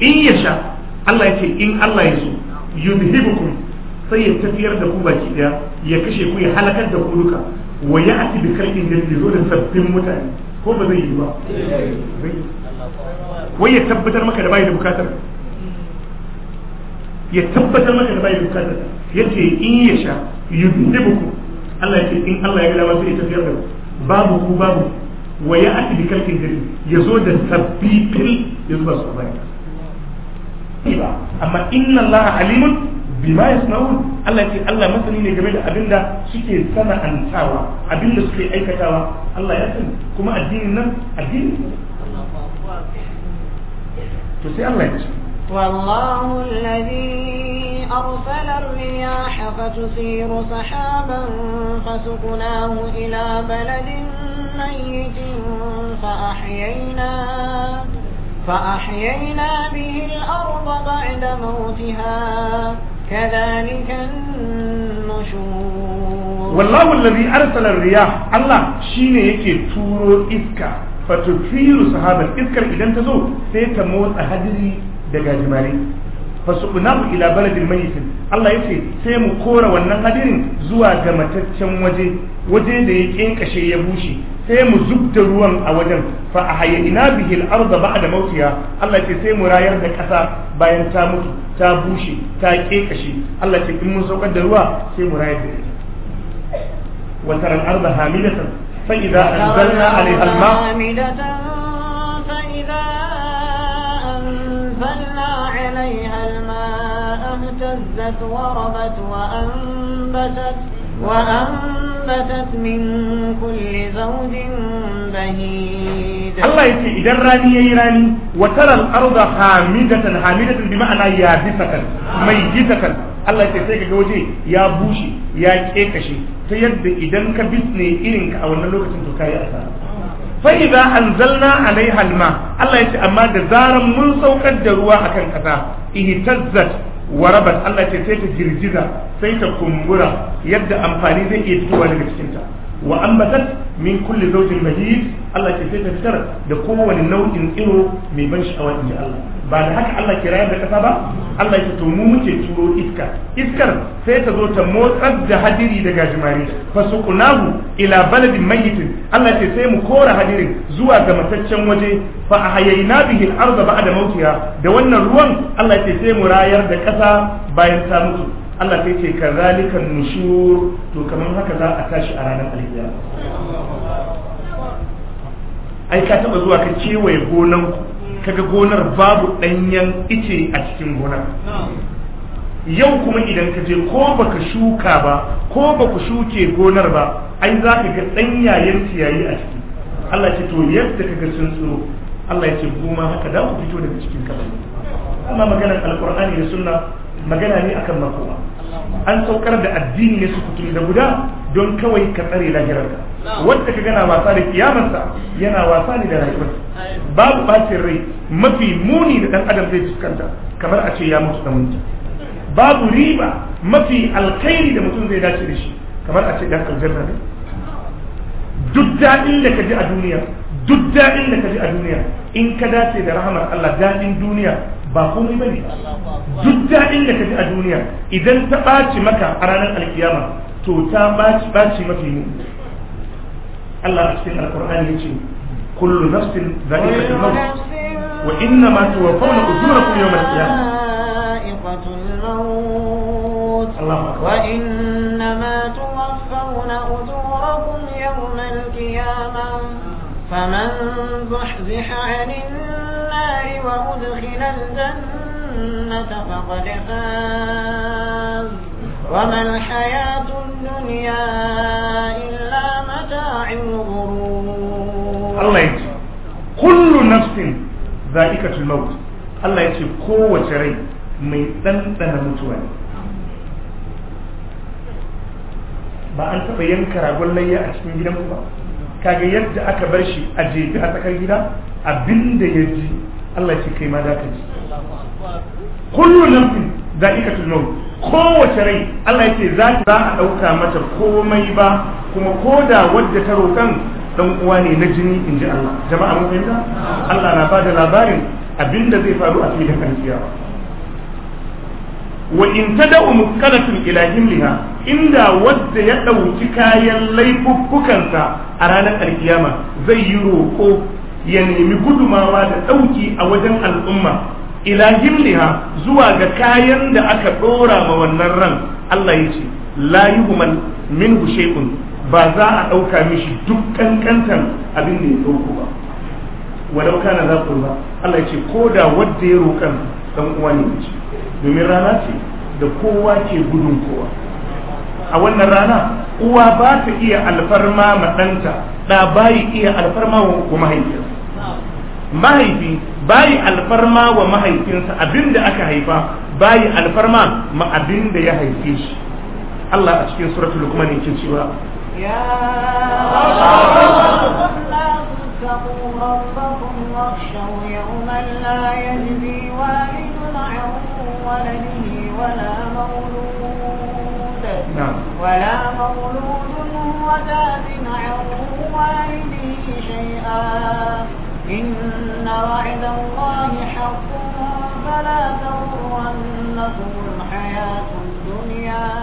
in ya sha, Allah ya ce in Allah ya so yudhibukum sai ya tafiyar da ku baki daya ya kashe ku ya halakar da ku duka wa ya ati bi kalbin da zo da sabbin mutane ko ba zai yi ba wai ya tabbatar maka da bai da bukatar ya tabbatar maka da bai da bukatar yace in ya sha yudhibukum Allah ya ce in Allah ya gada ba sai ya tafiyar da ku babu ku babu wa ya ati bi kalbin da ya zo da sabbin ya zuba su a ba amma inna allaha alimun bima yasnaun Allah ce Allah masani ne game da abin da suke sana'antawa abin suke aikatawa Allah ya sani kuma addinin nan addini to sai Allah ya ce والله الذي أرسل الرياح فتثير سحابا فسقناه إلى بلد ميت فأحييناه فأحيينا به الأرض بعد موتها كذلك النشور والله الذي أرسل الرياح الله شيني يكي تورو إسكا فتثير سحابا إسكا إذا تزو سيتموت أهدري دقا جمالي فسقناه إلى بلد الميت Allah ya ce sai mu kora wannan hadirin zuwa ga mataccen waje waje da ya kashe ya bushe sai mu zubta ruwan a wajen fa a ahyayna bihi al-ardha da mautiya Allah ce sai mu rayar da kasa bayan ta mutu ta bushe ta kekashe Allah ce in mun saukar da ruwa sai mu rayar da ita wa taral ardha hamidatan fa idza anzalna 'alayha al-ma' أنزلنا عليها الماء اهتزت وربت وأنبتت وأنبتت فَأَنبَتَتْ مِن rani, زَوْجٍ بَهِيجًا الله يتي إذا راني يا إيراني وترى الأرض حامدة حامدة بمعنى يابسة ميتة Allah ya sai ka waje ya bushe ya kekashe ta yadda idan ka bisne irin ka a wannan lokacin to kai asara fa idza anzalna alaiha alma Allah ya ce amma da zaran mun saukar da ruwa akan ƙasa, ihtazzat warabat Allah ce sai ta girgiza sai ta kumbura yadda amfani zai iya fitowa daga cikinta wa ambatat min kulli zawjin mahid Allah ce sai ta fitar da kowane nau'in iro mai ban sha'awa inji Allah ba da haka Allah ke rayar da kasa ba Allah ya to mu muke turo iska iskar sai ta zo ta motsar da hadiri da gajimare fa suqnahu ila baladin mayyitin Allah ce sai mu kora hadirin zuwa ga mataccen waje fa ahayna bihi al-ardh ba'da mautiha da wannan ruwan Allah ce sai mu rayar da kasa bayan ta mutu Allah sai ce kazalika nushur to kamar haka za a tashi a ranar alkiyama ai ka taba zuwa ka kewaye gonanku kaga gonar babu ɗanyen ice a cikin gonar yau kuma idan ka je ko baka shuka ba ko baku shuke gonar ba ai za ka ga ɗanyayen ciyayi a ciki Allah ce to yadda kaga sun tsoro, Allah ya ce goma haka da ku fito daga cikin kabari amma maganar alkur'ani da sunna magana ne akan makowa an saukar da addini ne su kuturi da guda don kawai ka tsare lahirarka wanda ka gana wasa da kiyamarsa yana wasa ne da rayuwarsa babu bacin rai mafi muni da dan adam zai fuskanta kamar a ce ya mutu da mutu babu riba mafi alkhairi da mutum zai dace da shi kamar a ce dan aljanna ne duk daɗin da ka ji a duniya duk daɗin da ka ji a duniya in ka dace da rahamar Allah daɗin duniya باقوم بني جدا إنك في الدنيا إذا انت باتي مكا أرانا الكيامة توتا باتي باتي مكي الله أكسين القرآن يجي كل نفس ذائقة الموت وإنما توفون أجوركم يوم القيامة وإنما توفون أجوركم يوم القيامة فمن زحزح عن النار النار وأدخل الجنة فقد فاز وما الحياة الدنيا إلا متاع الغرور الله يجي كل نفس ذائقة الموت الله يجي قوة شري mai ɗanɗana mutuwa ne ba an taɓa yanka ragon layya a cikin gidanku ba kaga yadda aka bar shi a jefi a tsakar gida abinda ya ji Allah ce kai ma za ka ji kullu ka za'ikatul maut kowace rai Allah ce za a ɗauka mata komai ba kuma ko da wadda ta rokan dan uwa ne na jini in ji Allah jama'a mun fahimta Allah na bada labarin abinda zai faru a filin kansiya wa in tada'u muqalatun ila himliha inda wadda ya ɗauki kayan laifuffukansa a ranar alkiyama zai yi roko ya nemi gudumawa da ɗauki a wajen al'umma ila himliha zuwa ga kayan da aka ɗora ma wannan ran Allah ya ce la yuhmal minhu shay'un ba za a ɗauka mishi duk kankantan abin da ya ɗauko ba walau kana za ku ba Allah ya ce ko da wanda ya roƙan dan uwa ne ce domin rana ce da kowa ke gudun kowa a wannan rana uwa ba ta iya alfarma ma ɗanta ɗa bayi iya alfarma wa mahaifiyar mahaifi bayi alfarma wa mahaifinsa abinda aka haifa bayi alfarma ma abinda ya haife shi Allah a cikin suratul lukman yake cewa ولا مولود ولا عن والده شيئا إن وعد الله حق فلا تغرنكم الحياة الدنيا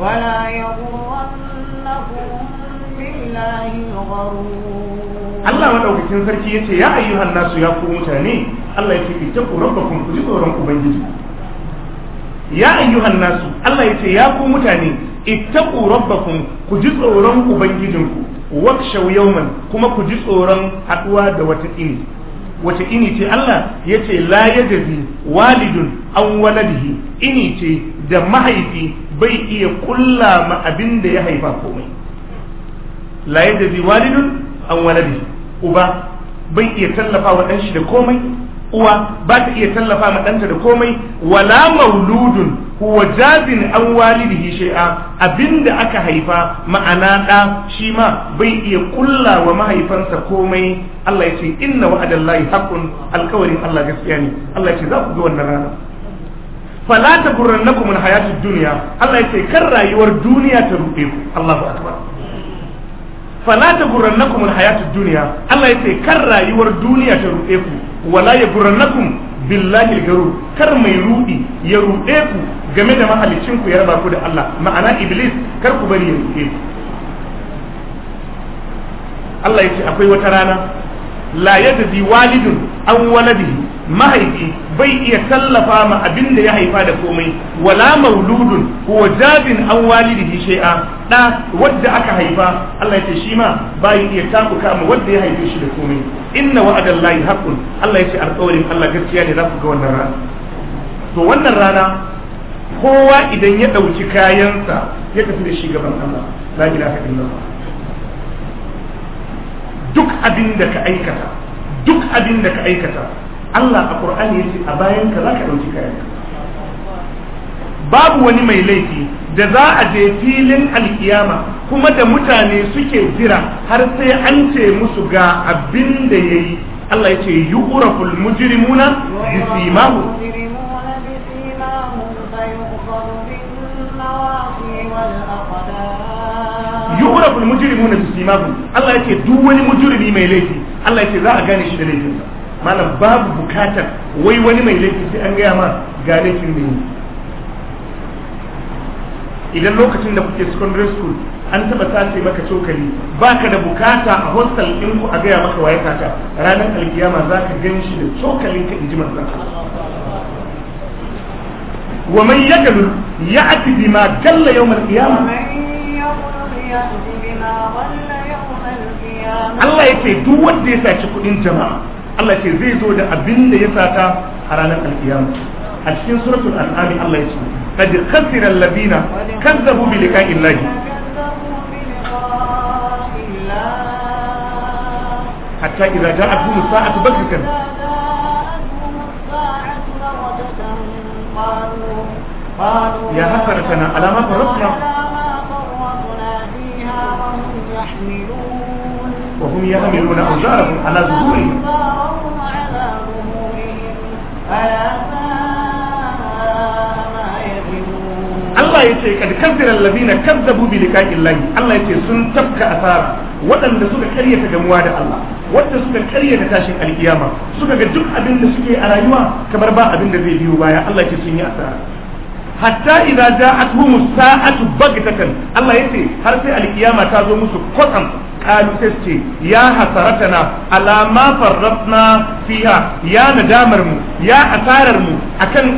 ولا يغرنكم بالله الغرور Allah madaukakin sarki yace ya ayyuhan nasu ya ku mutane Allah ce ku taku rabbakum ku ji tsoron ubangiji ya ayyuhan nasu Allah ce ya ku mutane ittaqu rabbakum ku ji tsoron ubangijinku wakshaw yawman kuma ku ji tsoron haduwa da wata ini wace ini ce Allah ya ce la yajzi walidun an waladihi ini ce da mahaifi bai iya kulla ma abin da ya haifa komai la yajzi walidun an waladihi uba bai iya tallafa wa ɗanshi da komai uwa ba ta iya tallafa ma ɗanta da komai wala mauludun huwa jazin an walidihi shay'a abinda aka haifa ma'ana ɗa shi ma bai iya kulla wa mahaifansa komai Allah ya ce inna wa'adallahi haqqun alkawarin Allah gaskiya ne Allah ya ce za ku ga wannan rana fala ta gurrannakum alhayatid dunya Allah ya ce kar rayuwar duniya ta ruɗe ku Allahu akbar fala ta gurrannakum alhayatud dunya Allah ya ce kar rayuwar duniya ta ruɗe ku wala nakun billahi garur kar mai rudi ya rude ku game da mahallicin ku ya raba ku da Allah ma'ana iblis kar ku bari ya rike ku Allah yace akwai wata rana la yadzi walidun an waladihi mahaifi bai iya tallafa ma abin da ya haifa da komai wala mauludun huwa jabin an walidihi shay'a da wadda aka haifa Allah ya ce shi ma bai iya tabuka ma wadda ya haife shi da komai inna wa'adallahi haqqun Allah ya ce alƙawarin Allah gaskiya ne zaku ga wannan rana to wannan rana kowa idan ya ɗauki kayansa ya tafi da shi gaban Allah la ilaha illallah duk abin da ka aikata duk abin da ka aikata Allah a Qur'ani yace a bayan ka zaka dauki kayan babu wani mai laifi da za a je filin alkiyama kuma da mutane suke jira har sai an ce musu ga abin da yayi Allah ya yace yuqraful mujrimuna bisimahum yuqraful mujrimuna bisimahum Allah ya ce duk wani mujrimi mai laifi Allah yace za a gane shi da laifinsa malam babu bukatar wai wani mai laifi sai an gaya ma ga laifin da yi idan lokacin da kuke secondary school an taba sace maka cokali baka da bukata a hostel din ku a gaya maka waye kaka ranar alkiyama za ka gan shi da cokalin ka inji manzon wa man yaqul ya'ti bima galla yawm alqiyama Allah yake duk wanda ya saki kudin jama'a Allah ce zai zo da abin da ya sata a ranar alkiyama a cikin suratul an'am Allah ya ce qad khasira alladhina kazzabu bi liqa'i Allah hatta idza ja'atuhum sa'atu baghatan يا حسرتنا على ما فرطنا وهم يحملون أوزارهم على ظهورهم Allah ya ce kad kazzara allazina kazzabu bi liqa'i Allah Allah ya ce sun tafka asara waɗanda suka karyata gamuwa da Allah wanda suka karyata tashin alkiyama suka ga duk abin da suke a rayuwa kamar ba abin da zai biyo baya Allah ya ce sun yi asara hatta idza ja'atuhum sa'atu baghtatan Allah yace har sai alkiyama ta zo musu kwatsam qalu sai ya hasaratana ala ma farratna ya nadamar mu ya asarar mu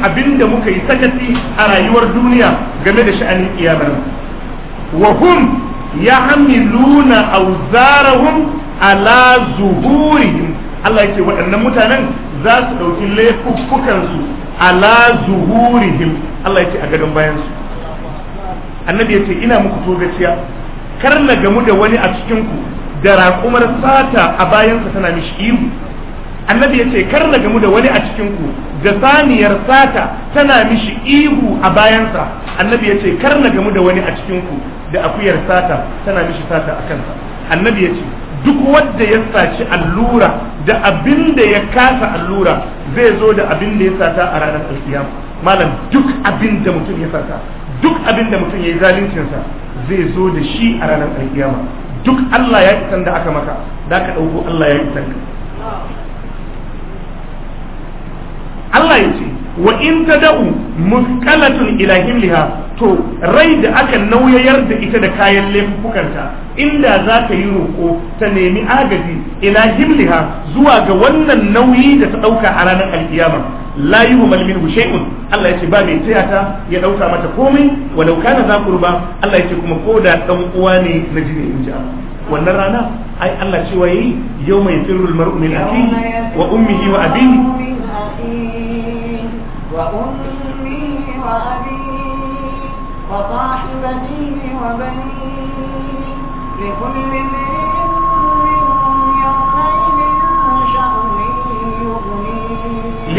abin da muka yi sakaci a rayuwar duniya game da sha'anin kiyamar wa hum ya'miluna awzarahum ala zuhurihim Allah yake waɗannan mutanen za su ɗauki la ala zuhurihim Allah ya ce a gadon bayansu annabi ya ce ina muku to gaciya kar na gamu da wani a cikinku da raƙumar sata a bayansa tana mishi ihu annabi ya ce kar na gamu da wani a cikinku da saniyar sata tana mishi ihu a bayansa annabi ya ce kar na gamu da wani a cikinku da akuyar sata tana mishi sata a kansa annabi ya ce duk wanda ya saci allura da abin da ya kasa allura zai zo da abin da ya sata a ranar alkiyama malam duk abin da mutum ya sata duk abin da mutum ya yi zaluncinsa zai zo da shi a ranar alkiyama duk Allah ya isan da aka maka da ka ɗauko Allah ya isan ka Allah ya ce wa in da'u muskalatun ila himliha to rai da aka nauyayar da ita da kayan laifukanta inda za ta yi roƙo ta nemi agaji ila liha zuwa ga wannan nauyi da ta ɗauka a ranar alkiyama la yi hu malmin shay'un Allah ya ce ba mai tsayata ya ɗauka mata komai walau kana za kurba Allah ya ce kuma ko da ɗan uwa ne na jini in ji wannan rana ai Allah cewa yayi yau mai firul mar'u min akhihi wa ummihi wa abihi وأمي وأبي وصاحبتي وبني لكل امرئ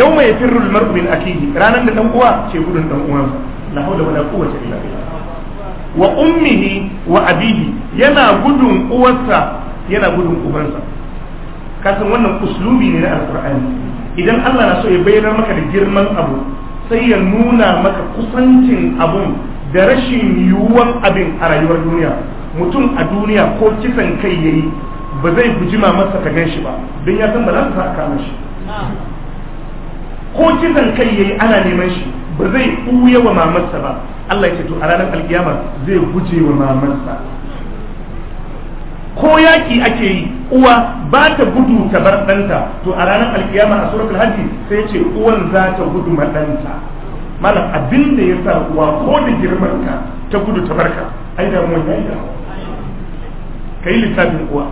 يوم يفر المرء من أكيه رانا من أواه شيبون لدن أواه لا حول ولا قوة إلا بالله وأمه وأبيه ينا قدن أواسا ينا قدن أبرسا كاسم وانا أسلوبي من القرآن idan Allah na so ya bayyana maka da girman abu sai ya nuna maka kusancin abun da rashin yiwuwan abin a rayuwar duniya mutum a duniya ko kisan kai ya yi ba zai bujima masa ka gan shi ba don ya san ba za su kama shi ko kisan kai ya yi ana neman shi ba zai ɓuya wa mamarsa ba Allah ya ce to a ranar alkiyama zai guje wa mamarsa ko yaƙi ake yi uwa ba ta gudu ta bar ɗanta to a ranar alkiyama a suratul hajji sai ce uwan za ta gudu ma ɗanta malam abin da ya sa uwa ko da girman ka ta gudu ta barka ai da mun yayi ka yi littafin uwa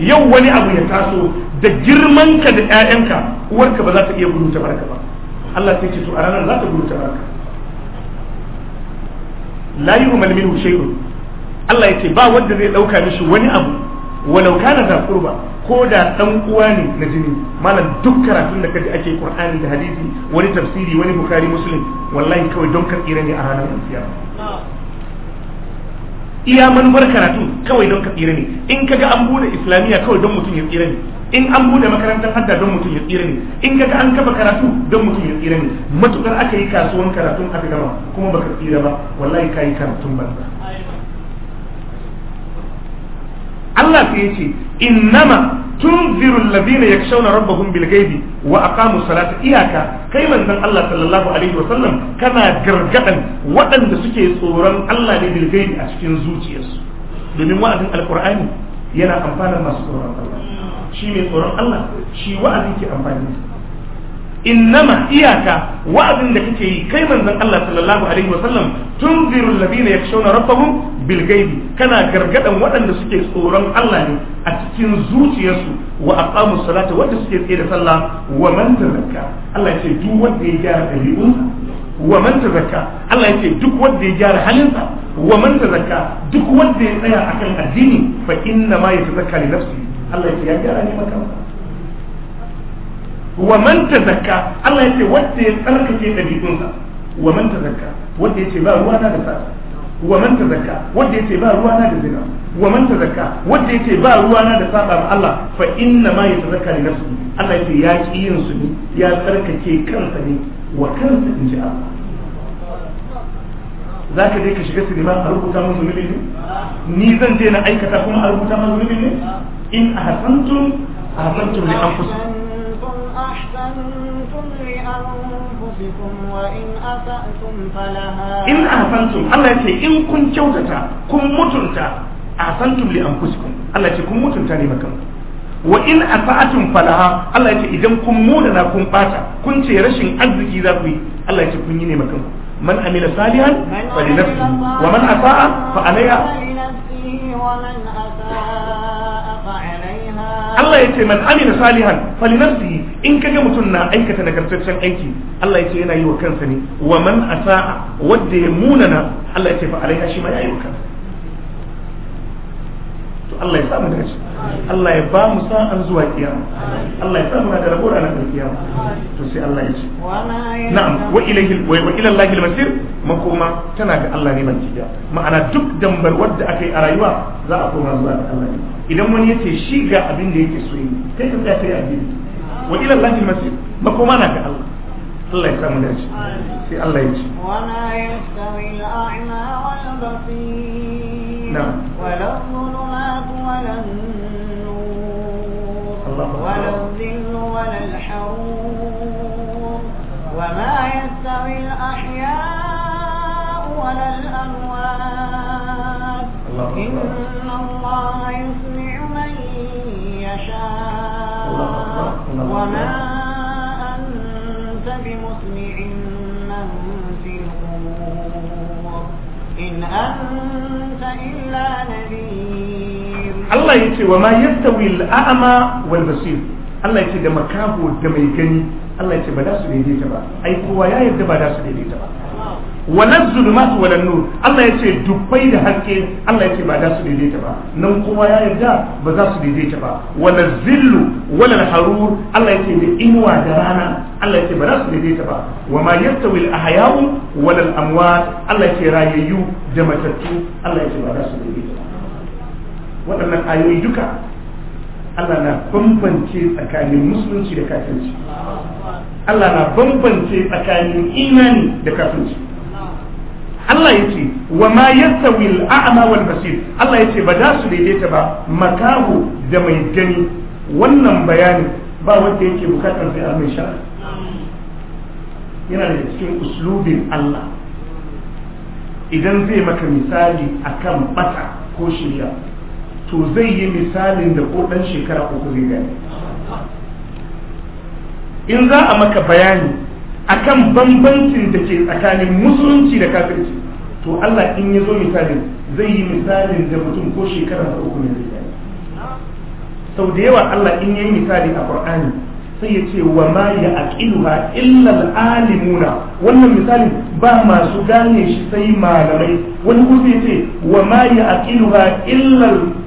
yau wani abu ya taso da girman ka da ƴaƴanka uwarka ba za ta iya gudu ta barka ba Allah sai ce to a ranar za ta gudu ta barka la yu'mal minhu shay'un Allah ya ce ba wanda zai dauka mishi wani abu walau kana da kurba ko da dan na jini malam duk karatun da kaji ake qur'ani da hadisi wani tafsiri wani bukhari muslim wallahi kawai don karɓira ne a ranar kiyama iya manufar karatu kawai don ka tsira ne in kaga an bude islamiyya kawai don mutum ya tsira ne in an bude makarantar hadda don mutum ya tsira ne in kaga an kafa karatu don mutum ya tsira ne matukar aka yi kasuwan karatun aka gama kuma baka tsira ba wallahi ka yi karatun banza Allah sai ya ce innama tunziru alladhina yakshawna rabbahum bil ghaibi wa aqamu salata iyaka kai manzon Allah sallallahu alaihi wa sallam kana gargadan waɗanda suke tsoron Allah ne bil ghaibi a cikin zuciyarsu domin wa'azin alqur'ani yana amfanar masu tsoron Allah shi mai tsoron Allah shi wa'azi ke amfani innama iyaka wa'azin da kake yi kai manzon Allah sallallahu alaihi wasallam tunzirul ladina yakshawna rabbahum bil ghaibi kana gargadan waɗanda suke tsoron Allah ne a cikin zuciyarsu wa aqamu salata wanda suke tsaye da sallah wa man tazakka Allah ya ce duk wanda ya gyara dabi'unsa wa man tazakka Allah ya ce duk wanda ya gyara halinsa wa man tazakka duk wanda ya tsaya akan addini fa inna ma nafsi Allah ya ce ya gyara wa man tazakka Allah yace wanda ya tsarkake dabi'unsa wa man tazakka wanda yace ba ruwa na da sata wa man tazakka wanda yace ba ruwa na da zina wa man tazakka wanda yace ba ruwa na da saba ma Allah fa inna ma yatazakka li nafsi Allah yace ya ki yin su ne ya tsarkake kansa ne wa kansa in ji Allah za ka je ka shiga sinima a rubuta mun zunubi ne ni zan je na aikata kuma a rubuta mun zunubi ne in ahsantum ahsantum li anfusikum أحسنتم لأنفسكم وإن أسأتم فلها إن أحسنتم الله يتي إن كن كوتتا كن متنتا أحسنتم لأنفسكم الله يتي كن متنتا لمكم وإن أسأتم فلها الله يتي إذا كن موننا كن باتا كن تي رشن أرزكي ذاكوي الله يتي كن يني مكم من عمل صالحا فلنفسه ومن أساء فعليها ومن أساء فعليها Allah ya ce man amina salihan fali nafsihi in kaga mutum na aikata nagartaccen aiki Allah ya ce yana yi wa kansa ne wa man asa'a wadda ya munana Allah ya ce fa alaiha shi ma ya yi wa kansa Allah ya samu dace Allah ya ba mu sa'an zuwa kiyama Allah ya samu da rabo ranar kiyama to sai Allah ya ce na'am wa ilayhi wa ila Allahil makoma tana ga Allah ne mantiya ma'ana duk dambar wadda aka yi a rayuwa za a koma zuwa ga Allah ne idan wani yace shi ga abin da yake so yi kai ka tsaya kai addini wa ila Allahil masir makoma na ga Allah Allah ya لك في الله يجي وما يستوي الأعمى والبصير نعم ولا الظلم ولا الظل ولا الحروم وما يستوي الأحياء ولا الأموات إن الله يسمع من يشاء وما أنت بمسمع من في القبور إن أنت إلا نبي Allah ya ce wa ma yastawi al'ama wal basir Allah ya ce da makaho da mai gani Allah ya ce ba da su daidaita ba ai kowa ya yarda ba da su daidaita ba walan zulumat walan nur Allah ya ce dubbai da haske Allah ya ce ba da su daidaita ba nan kowa ya yarda ba za su daidaita ba wala zillu wala harur Allah ya ce da inuwa da rana Allah ya ce ba za su daidaita ba wa ma yastawi al ahya'u wala Allah ya ce rayayyu da matattu Allah ya ce ba za su daidaita ba waɗannan ayoyi duka Allah na bambance tsakanin musulunci da kafirci Allah na bambance tsakanin imani da kafirci Allah ya ce wa ma yastawi al wal basir Allah ya ce ba za su daidaita ba makahu da mai gani wannan bayanin ba wanda yake bukatar sai mai shara yana da cikin uslubin Allah idan zai maka misali akan bata ko shirya to zai yi misalin da ko ɗan shekara uku zai gane in za a maka bayani akan bambancin da ke tsakanin musulunci da kafirci to Allah in ya zo misalin zai yi misalin da mutum ko shekara uku ne zai gane sau da yawa Allah in ya yi misali a Qur'ani sai ya ce wa ma ya aqiluha illa alimuna wannan misalin ba masu gane shi sai malamai wani kuma ya ce wa ma ya aqiluha illa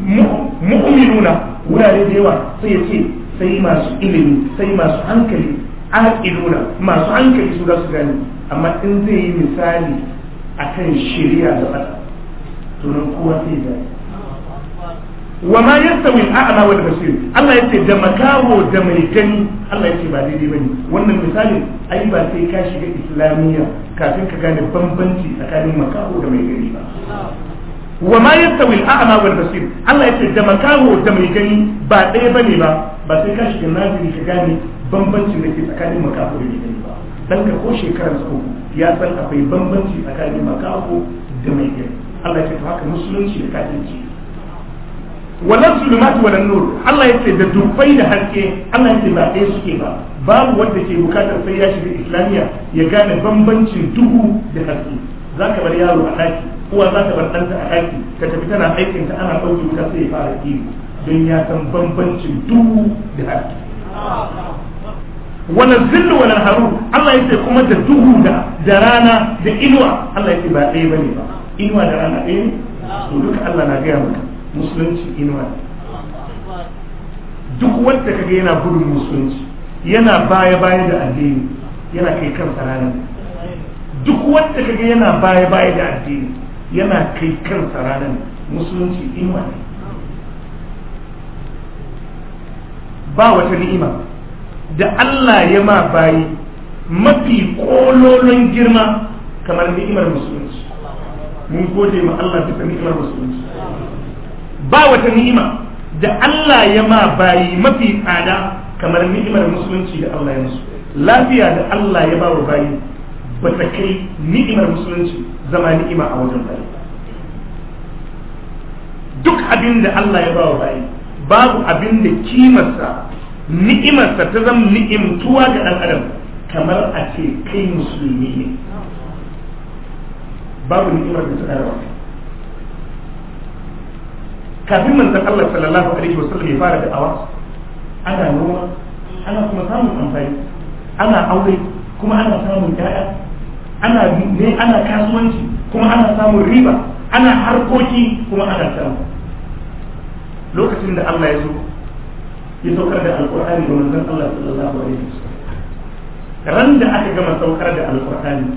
mu'minuna wurare da yawa sai ya ce sai masu ilimi sai masu hankali aqiluna masu hankali su za su gani amma in zai yi misali akan shari'a da bata to nan kowa sai ya wa ma yastawi al'a'ma wal basir Allah yace da makawo da mai gani Allah yace ba daidai bane wannan misalin ai ba sai ka shiga islamiyya kafin ka gane bambanci tsakanin makawo da mai gani ba wa ma yastawi al-a'ma wal basir Allah yace da makaho da mai gani ba ɗaya bane ba ba sai ka shiga nazari ka gane bambancin da ke tsakanin makaho da mai gani ba dan ka ko shekarar su ya san akwai bambanci tsakanin makaho da mai gani Allah yace to haka musulunci da kafirci wannan zulumatu wannan nur Allah yace da dubbai da haske Allah yace ba ɗaya suke ba babu wanda ke bukatar sai ya shiga islamiya ya gane bambancin duhu da haske za ka bar yaro a ɗaki uwa za ka bar ɗanta a ɗaki ka tafi tana aikin ta ana ɗauki wuta sai ya fara iri don ya san bambancin duhu da haske wannan zillu wannan haru Allah ya ce kuma da duhu da da rana da inuwa Allah ya ce ba ɗaya bane ba inuwa da rana ɗaya ne to duka Allah na gaya maka musulunci inuwa duk wanda kaga yana gudun musulunci yana baya baya da addini yana kai kansa ranar duk wanda kaga yana baya baya da addini yana kai kansa ranar musulunci imani ba wata ni'ima da Allah ya ma bayi mafi kololon girma kamar ni'imar musulunci mun gode ma Allah bisa ni'imar musulunci ba wata ni'ima da Allah ya ma bayi mafi tsada kamar ni'imar musulunci da Allah ya musu lafiya da Allah ya ba wa bayi ba ta kai ni'imar musulunci zama ni'ima a wajen bayi duk abin da Allah ya bawa bayi babu abin da kimarsa ni'imarsa ta zama ni'imtuwa ga ɗan adam kamar a ce kai musulmi ne babu ni'imar da ta ƙara kafin manzon Allah sallallahu alaihi wasallam ya fara da awa, ana noma ana kuma samun amfani ana aure kuma ana samun ƴaƴa ana ne ana kasuwanci kuma ana samun riba ana harkoki kuma ana samu lokacin da Allah ya zo ya saukar da alkur'ani da manzon Allah sallallahu alaihi wasallam ran da aka gama saukar da alkur'ani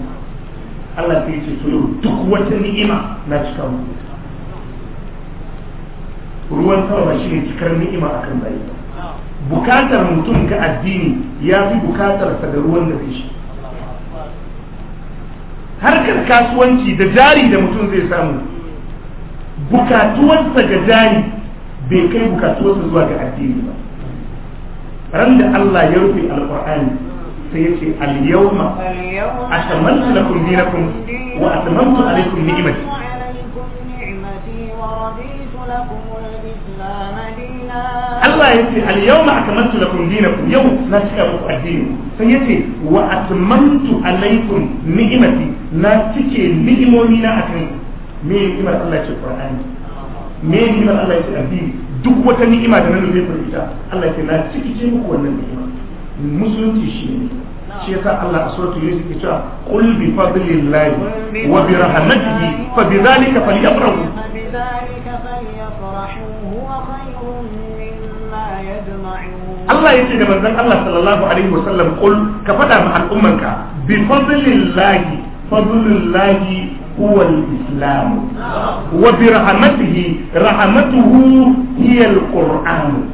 Allah sai ya ce to duk wata ni'ima na cika muku ruwan sama shi ne cikar ni'ima akan bayi bukatar mutum ga addini ya fi sa da ruwan da shi harkar kasuwanci da jari da mutum zai samu bukatuwarsa ga jari bai kai bukatuwarsa zuwa ga addini ba ran da Allah ya rufe alƙur'ani sai ya ce al-yawma atamantu lakum dinakum wa atamantu alaykum ni'mati wa raditu lakum Allah ya ce al-yawma akmaltu lakum dinakum yau na cika muku addini sai yace wa atmamtu alaykum ni'mati na cike ni'imomi na akan me ni'imar Allah ce Qur'ani me ni'imar Allah ce addini duk wata ni'ima da na nufi ita? Allah ya ce na cike muku wannan ni'ima musulunci shi ne shi yasa Allah a suratul Yusuf ke cewa qul bi fadlillahi wa bi rahmatihi fa bi dhalika falyafrahu Allah ya ce da manzon Allah sallallahu alaihi wasallam kul ka faɗa ma al'ummanka bi fadlillahi fadlillahi huwa al-islam wa bi rahmatihi rahmatuhu hiya al-qur'an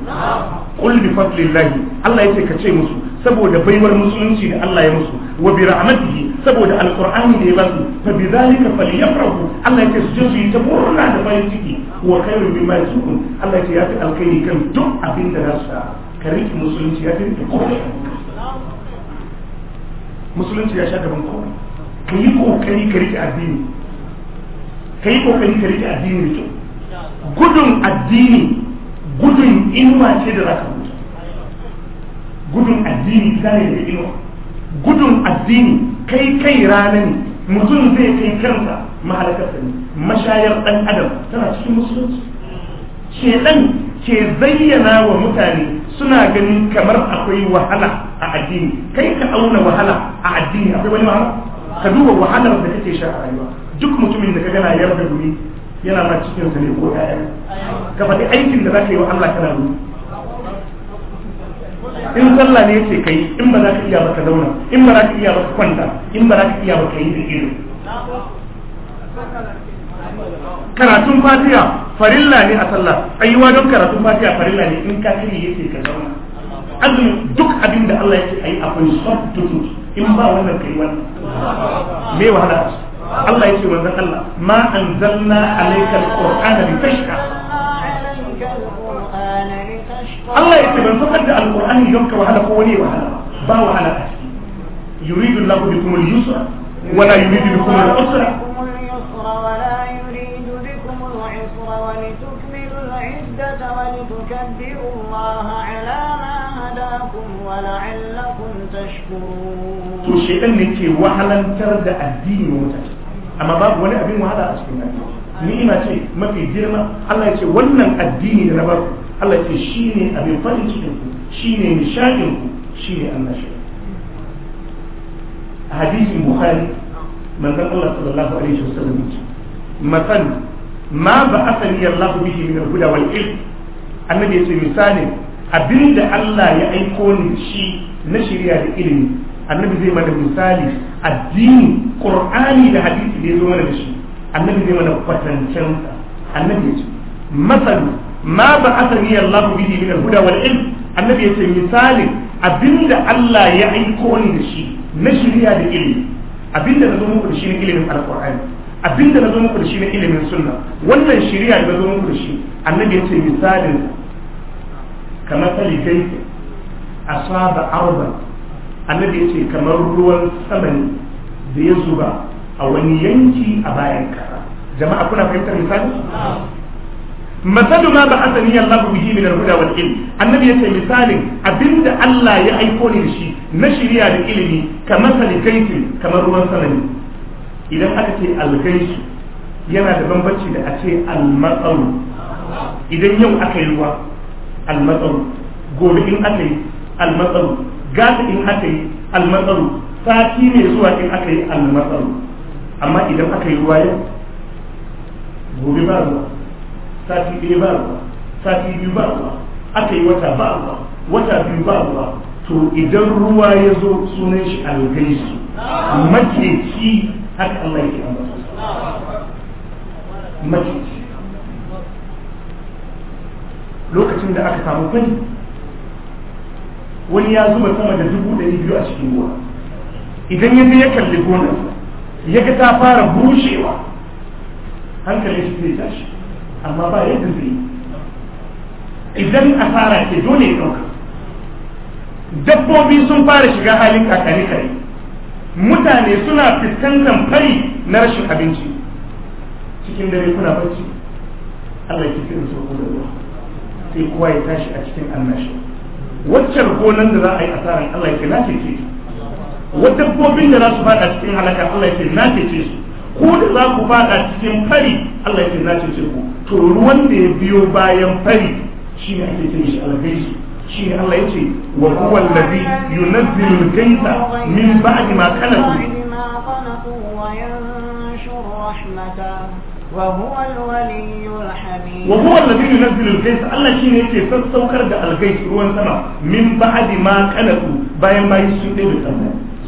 kul bi fadlillahi Allah ya ce ka ce musu saboda baiwar musulunci da Allah ya musu wa bi rahmatihi saboda alqur'ani da ya basu fa bi zalika falyafrahu Allah ya ce su je su yi ta murna da farin ciki wa khairu mimma yasukun Allah ya ce ya fi alkhairi kan duk abin da za su ka riki musulunci ya fi riki komai musulunci ya sha daban komai ka yi kokari ka riki addini ka yi kokari ka riki addini da kyau gudun addini gudun inuwa ce da za ka mutu gudun addini zai da inuwa gudun addini kai kai rana ne mutum zai kai kansa mahalakarsa ne mashayar dan adam tana cikin musulunci shedan ke zayyana wa mutane suna ganin kamar akwai wahala a addini kai ka auna wahala a addini akwai wani wahala ka duba wahalar da kake sha a rayuwa duk mutumin da ka gana ya maka gumi yana ma cikin sa ne ko ƴaƴa ka faɗi aikin da zaka yi wa Allah kana gumi in sallah ne yace kai in ba za ka iya ba ka zauna in ba za ka iya ba ka kwanta in ba za ka iya ba ka yi da ido karatun fatiha farilla ne a sallah ayyuwa don karatun fatiha farilla ne in ka kare yace ka zauna azumi duk abin da Allah yake ayi akwai substitute in ba wannan kai wannan me wahala Allah ya yake wannan Allah ma anzalna alayka alqur'ana litashqa Allah ya ce ban saukar da alqur'ani don ka wahala ko wani wahala ba wahala yuridu Allahu bikum al-yusra wala yuridu bikum al-usra ولتكبروا الله على ما هداكم ولعلكم تشكرون to shedan ne ke wahalantar da addini mutane amma babu wani abin wahala a cikin addini ni'ima ce mafi girma Allah ya ce wannan addini da na baku Allah ya ce shine abin farin cikin ku shine nishadin ku shine Allah shi hadisi bukhari manzon Allah sallallahu alaihi wasallam ce matan ma ba'athani Allah bihi min al-huda wal ilm annabi ya ce misali abinda Allah ya aiko ni shi na shirya da ilimi annabi zai mana misali addini qur'ani da hadisi da yazo mana da shi annabi zai mana kwatancen annabi ya ce masal ma ba'athani Allah bihi min al-huda wal ilm annabi ya ce misali abinda Allah ya aiko ni da shi na shirya da ilimi abin da zo muku da shi ne ilimin alqur'ani abinda na zo muku da shi na ilimin sunna wannan shari'a da na zo muku da shi annabi ya ce misalin kamar talibai asaba arban annabi ya ce kamar ruwan samani da ya zuba a wani yanki a bayan kara. jama'a kuna fahimtar misali masalu ma ba asani Allah bihi min al-huda wal ilm annabi yace misalin abinda Allah ya aiko ni da shi na shari'a da ilimi kamar salikaitin kamar ruwan samani. idan aka ce algaisu yana da bambanci da a ce almatsaru idan yau aka yi ruwa almatsaru gobe in aka yi almatsaru gata in aka yi almatsaru sati ne zuwa in aka yi almatsaru amma idan aka yi ruwa yau gobe ba ruwa sati ɗaya ba ruwa sati biyu ba ruwa aka yi wata ba ruwa wata biyu ba ruwa to idan ruwa ya zo sunan shi algaisu makeci haka Allah yake ambata lokacin da aka samu fari wani ya zuba sama da dubu ɗari biyu a cikin gona idan ya je ya kalli gonar ya ga ta fara bushewa hankali shi zai tashi amma ba yadda zai yi idan asara ke dole ya ɗauka dabbobi sun fara shiga halin kakari kare mutane suna fuskantar fari na rashin abinci cikin dare kuna bacci Allah ya fi su da ruwa sai kowa ya tashi a cikin annashi waccan gonan da za a yi asarar, Allah ya ce na cece wata dabbobin da za su fada cikin halaka Allah ya ce na su ko da za ku fada cikin fari Allah ya ce na cece ku to ruwan da ya biyo bayan fari shi ne ake ce shi algaishi shi Allah ya ce wa huwa allazi yunzilu al-kaysa min ba'di ma qanatu wa huwa allazi yunzilu al-kaysa Allah shine yake sassaukar da al-kays ruwan sama min ba'di ma qanatu bayan bayan sun dai da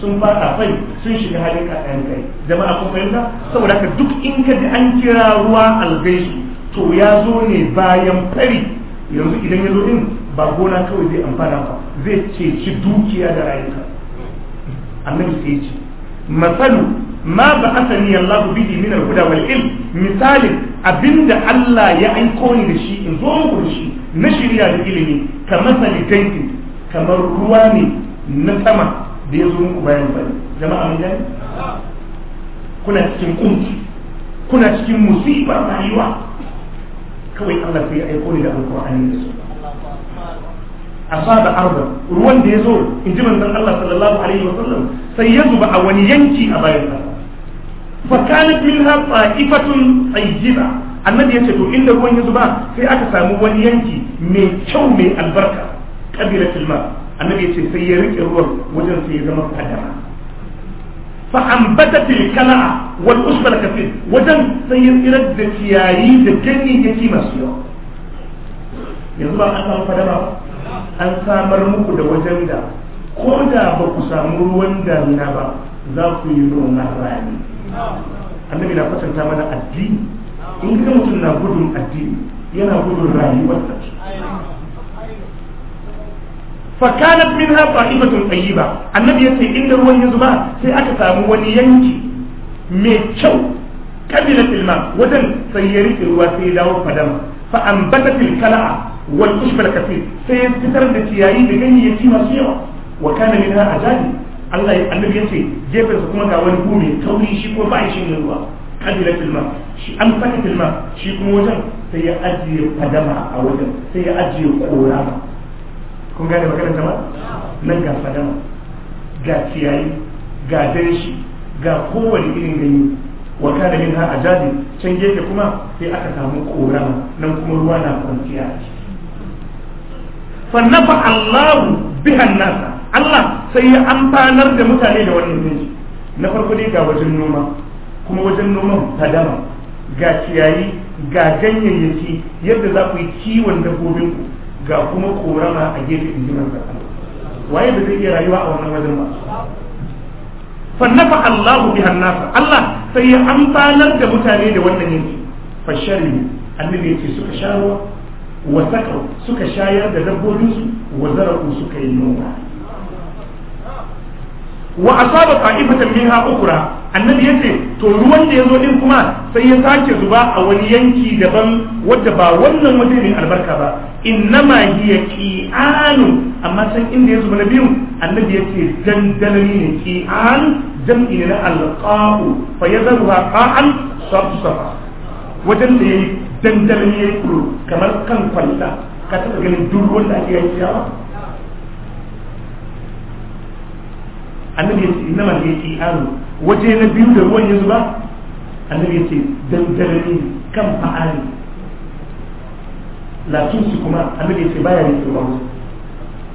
sun fada fai sun shiga halin kakan kai jama'a kun fahimta saboda haka duk in ka ji an kira ruwa algaisu to ya zo ne bayan fari yanzu idan ya zo din ba gona kawai zai amfana ba zai ceci dukiya da rayuka annabi sai ya ce masalu ma ba asani Allah bihi min al-huda wal ilm misalin abinda Allah ya aiko ni da shi in zo muku da shi na shirya da ilimi kamar salitanki kamar ruwa ne na sama da ya zo muku bayan bari jama'a mun gani kuna cikin kunci kuna cikin musiba rayuwa kawai Allah sai ya aiko ni da alƙur'ani da sunna asaba arda ruwan da ya zo in ji manzon Allah sallallahu alaihi wasallam sai ya zuba a wani yanki a bayan sa fa kanat minha ta'ifatun tayyiba annabi yace to inda ruwan ya zuba sai aka samu wani yanki mai kyau mai albarka qabilatul ma annabi yace sai ya rike ruwan wajen sai ya zama fadama fa ambatatil kala'a wal usbal kafir wajen sai ya tsirar da ciyayi da ganye masu yawa yanzu ba an samu fadama ba an samar muku da wajen da ko da ba ku samu ruwan damina ba za ku yi noman rani annabi na kwatanta mana addini in ka mutum na gudun addini yana gudun rayuwarsa fakanat min ha fa'ibatun tayyiba annabi yace inda ruwan ya zuba sai aka samu wani yanki mai kyau kabila ma wajen sayyari ruwa sai ya dawo fadama fa ambatat al wal ishbal kathir sai fitar da ciyayi da ganyayyaki masu yawa wa kana a ajali Allah annabi yace gefen sa kuma ga wani gumi tauri shi ko ba shi ne ruwa kadila filma shi filma shi kuma wajen sai ya ajiye fadama a wajen sai ya ajiye kora kun gane maganar jama'a nan ga fadama ga ciyayi ga danshi ga kowane irin ganye wa kana a ajadi can gefe kuma sai aka samu kora nan kuma ruwa na kwanciya fa nafa Allahu bihan nasa Allah sai ya amfanar da mutane da wannan dinsu na farko dai ga wajen noma kuma wajen noman fadama ga ciyayi ga ganyayyaki yadda za ku yi kiwon dabbobin ku ga kuma korama a gefe injinan sa waye da zai iya rayuwa a wannan wajen ba fa nafa Allahu bihan nasa Allah sai ya amfanar da mutane da wannan yanki fa sharri annabi yace suka sha ruwa wa suka shayar da dabbobinsu wa zarafu suka yi noma wa asaba qa'ifatan minha ukura, annabi yace to ruwan da yazo din kuma sai ya sake zuba a wani yanki daban wadda ba wannan waje ne albarka ba innama hiya qi'anu amma san inda ya zuba na biyu annabi yace dandalani ne qi'an jam'i na alqa'u fa yadruha qa'an sabsafa wajen da yayi ne ya yi kuro kamar kan kwanta ka taɓa ganin duk wanda ake yanki yawa annabi ya ce ina ma ne ce aro waje na biyu da ruwan ya zuba annabi ya ce ne kan fa'ari lakin su kuma annabi ya ce baya yin tsirwa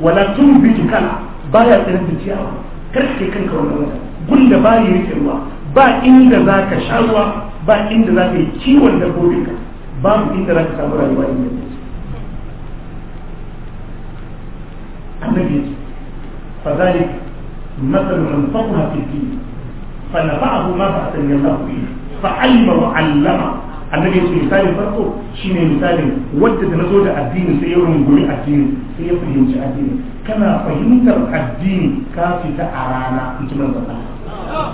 wala tun biki kala baya tsirin da ciyawa karke kanka wannan wata gunda ba yi rike ruwa ba inda za ka sha ruwa ba inda za ka yi kiwon dabbobinka babu inda za ka samu rayuwa inda ta ce annabi ya ce fazalik matsalin rumfaku ma biyu فنفعه ما فأتني fa alima wa allama annabi ya ce misalin farko shine misalin wadda da nazo da addini sai ya guri addini sai ya fahimci addini kana fahimtar addini ka fita a rana in ji manzon Allah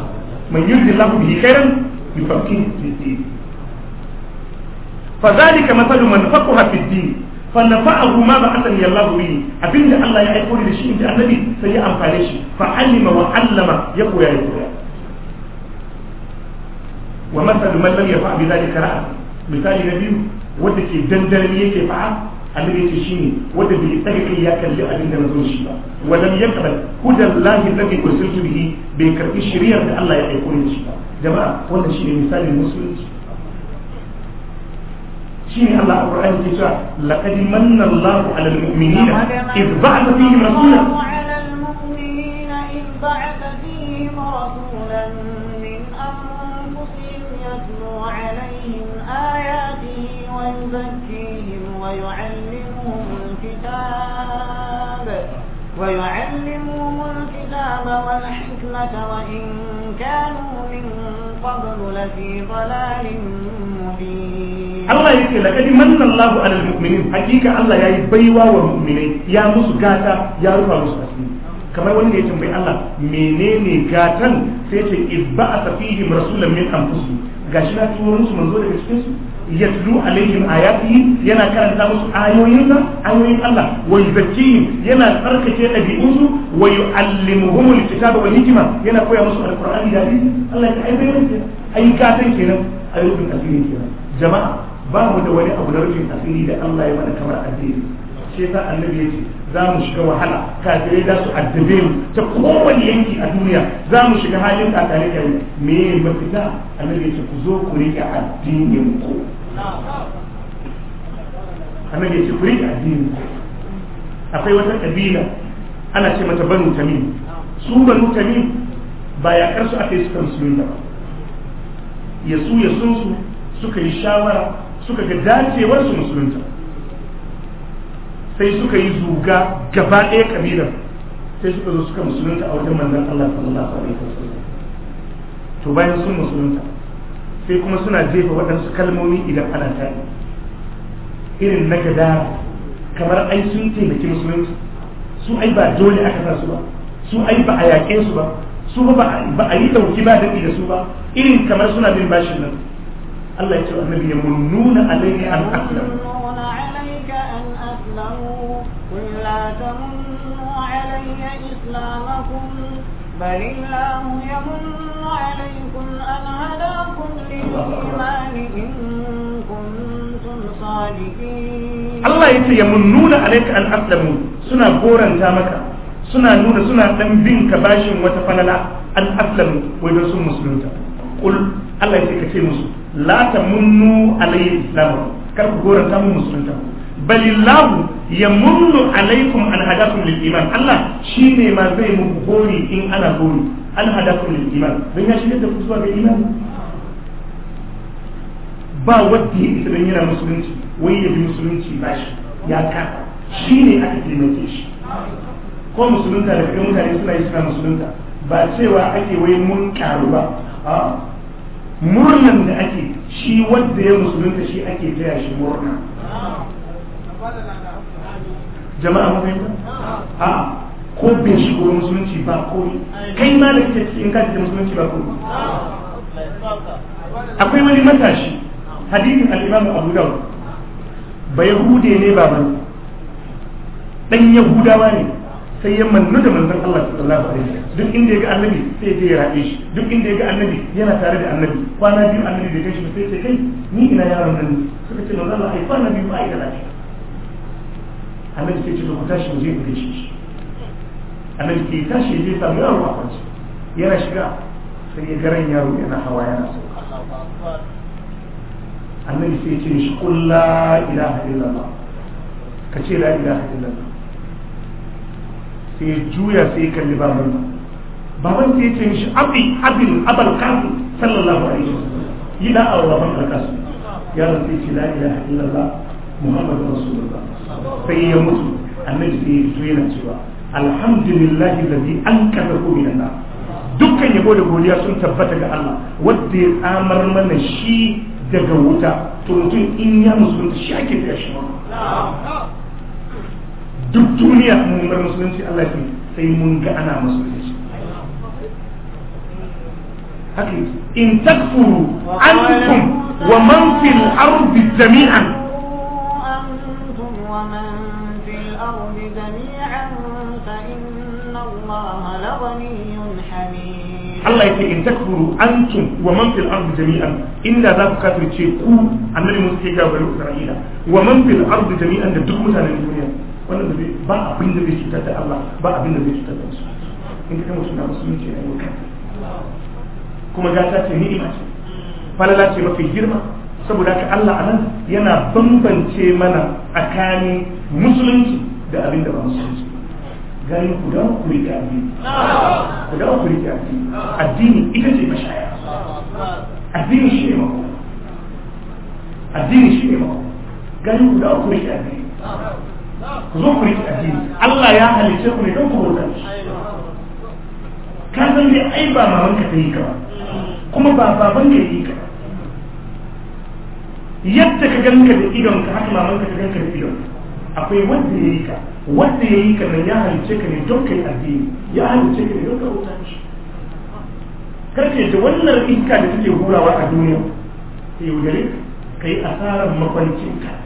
man yurdi lahu bihi khairan yufaqqihu fi din فذلك مثل من فقه في الدين فنفعه ما بعثني الله به abinda Allah ya aiko da shi inda annabi sai ya amfane shi fa allima wa allama ya koya ya koya wa masal man lam yafa bi zalika misali na biyu wanda ke dandalmi yake fa'a annabi ce shine wanda bai tsare kai ya kalli abin da nazo shi ba wa lam yaqbal hudan lahi alladhi ursiltu bihi bai karbi shari'ar da Allah ya aiko da shi ba jama'a wannan shine misalin musulunci شيء الله القرآن كتاب لقد من الله على المؤمنين إذ بعث فيهم رسولا من أنفسهم يتلو عليهم آياته ويزكيهم ويعلمهم الكتاب والحكمة وإن كانوا من قبل لفي ضلال مبين Allah ya ce laqad manna Allahu 'alal mu'minin hakika Allah yayi baiwa wa mu'minai ya musu gata ya rufa musu asiri kamar wanda ya tambayi Allah menene gatan sai ce izba'atha fihim rasulan min anfusihim gashi na turo musu manzo daga cikin su yatlu alaihim ayatihi yana karanta musu ayoyin ayoyin Allah wa yuzakkihim yana tsarkake dabi'unsu wa yu'allimuhum alkitaba wal hikma yana koya musu alqur'ani da hadisi Allah ya aibe ne ai gatan kenan ayyukan asiri kenan jama'a ba mu da wani abu na rufin asiri da Allah ya mana kamar addini shi yasa annabi yace za mu shiga wahala kafirai za su addabe mu ta kowane yanki a duniya za mu shiga halin kakare da me mafita annabi yace ku zo ku rike addinin ku annabi yace ku rike addinin ku akwai wata kabila ana ce mata banu tamim su banu tamim ba ya karsu aka yi su kan su ba yasu yasun su suka yi shawara suka ga dacewar su musulunta sai suka yi zuga gaba ɗaya kabilar sai suka zo suka musulunta a wajen manzon Allah sallallahu alaihi wasallam to bayan sun musulunta sai kuma suna jefa waɗansu kalmomi idan ana tare irin na gada kamar ai sun taimaki musulunci su ai ba dole aka sa su ba su ai ba a yaƙe su ba su ba a yi ɗauki ba daɗi da su ba irin kamar suna bin bashin nan Allah ya ce annabi ya munnuna alayka an aslam قل لا تمنوا علي إسلامكم بل الله يمن عليكم أن هداكم للإيمان إن كنتم صادقين الله يتي يمنون عليك أن أسلموا سنة غورا تامكا سنة نونا سنة تنبين كباشم وتفنلا أن أسلموا ويدرسوا مسلمين قل الله يتي كتير مسلم la tamunnu alayhi islam kar ku gora ta mu musulunta balillahu yamunnu alaikum an hadakum lil iman Allah shine ma zai muku gori in ana gori an hadakum lil iman dan ya shirye da ku zuwa ga imani ba wadda ya isa don yana musulunci wai ya bi musulunci ba shi ya kafa shi ne aka taimake shi ko musulunta da kaga mutane suna yi suna musulunta ba cewa ake wai mun karu ba ah, murnan da ake shi wanda ya musulunta shi ake taya shi murna jama'a mafi a ko bin shi ko musulunci ba koyi kai ma da kake cikin ka da musulunci ba koyi akwai wani matashi hadisin al-imam abu dawud ba yahude ne ba dan yahudawa ne sai ya mannu da manzon Allah sallallahu alaihi wasallam duk inda ya ga annabi sai ya rabe shi duk inda ya ga annabi yana tare da annabi kwana biyu annabi bai kai sai ce kai ni ina yaron nan suka ce manzon Allah ai kwana biyu ai da lafiya annabi sai ce ku tashi mu je ku gaishe shi annabi sai tashi ya je samu yaro a kwance yana shiga sai ya garan yaro yana hawa yana sauka annabi sai ya ce shi kullu la ilaha illallah ka ce la ilaha illallah sai ya juya sai ya kalli baban baban sai ya ce mishi abi abin abal kasu sallallahu alaihi wasallam yi da auraban karkasu yaron sai ce la ilaha illallah muhammadu rasulullah sai ya mutu annabi sai ya juya na cewa alhamdulillahi allazi an kafa ko min Allah dukkan yabo da godiya sun tabbata ga Allah wanda ya tsamar mana shi daga wuta to mutum in ya musulunta shi ake tashi duk duniya mun bar musulunci Allah ke sai mun ga ana musulunci haka in takfuru antum wa man fil ardi jami'an Allah yake in takfuru antum wa man fil ardi jami'an inda za ku kafirce ku annabi Musa ya ga bari Isra'ila wa man fil ardi jami'an da duk mutanen duniya wannan zai ba abin da zai cutar da Allah ba abin da zai cutar da su in ka kama suna musulunci na yau kuma gata ce ni'ima ce falala ce mafi girma saboda ka Allah a nan yana bambance mana a kani musulunci da abin da ba musulunci gani ku dawo ku riƙe addini ku dawo ku riƙe addini addini ita ce mashaya addini shi ne mako addini shi ne mako gani ku dawo ku riƙe addini ku zo ku riƙe addini Allah ya halice ku ne don ku bauta ka san dai ai ba maman ka ta yi ka ba kuma ba baban ka yi ka yadda ka ganka da idon ka haka maman ka ta ganka da idon akwai wanda ya yi ka wanda ya yi ka nan ya halice ka ne don ka yi addini ya halice ka ne don ka bauta shi karfe ta wannan iska da take hurawa a duniya ta yi yaudare ka yi asarar makwancinka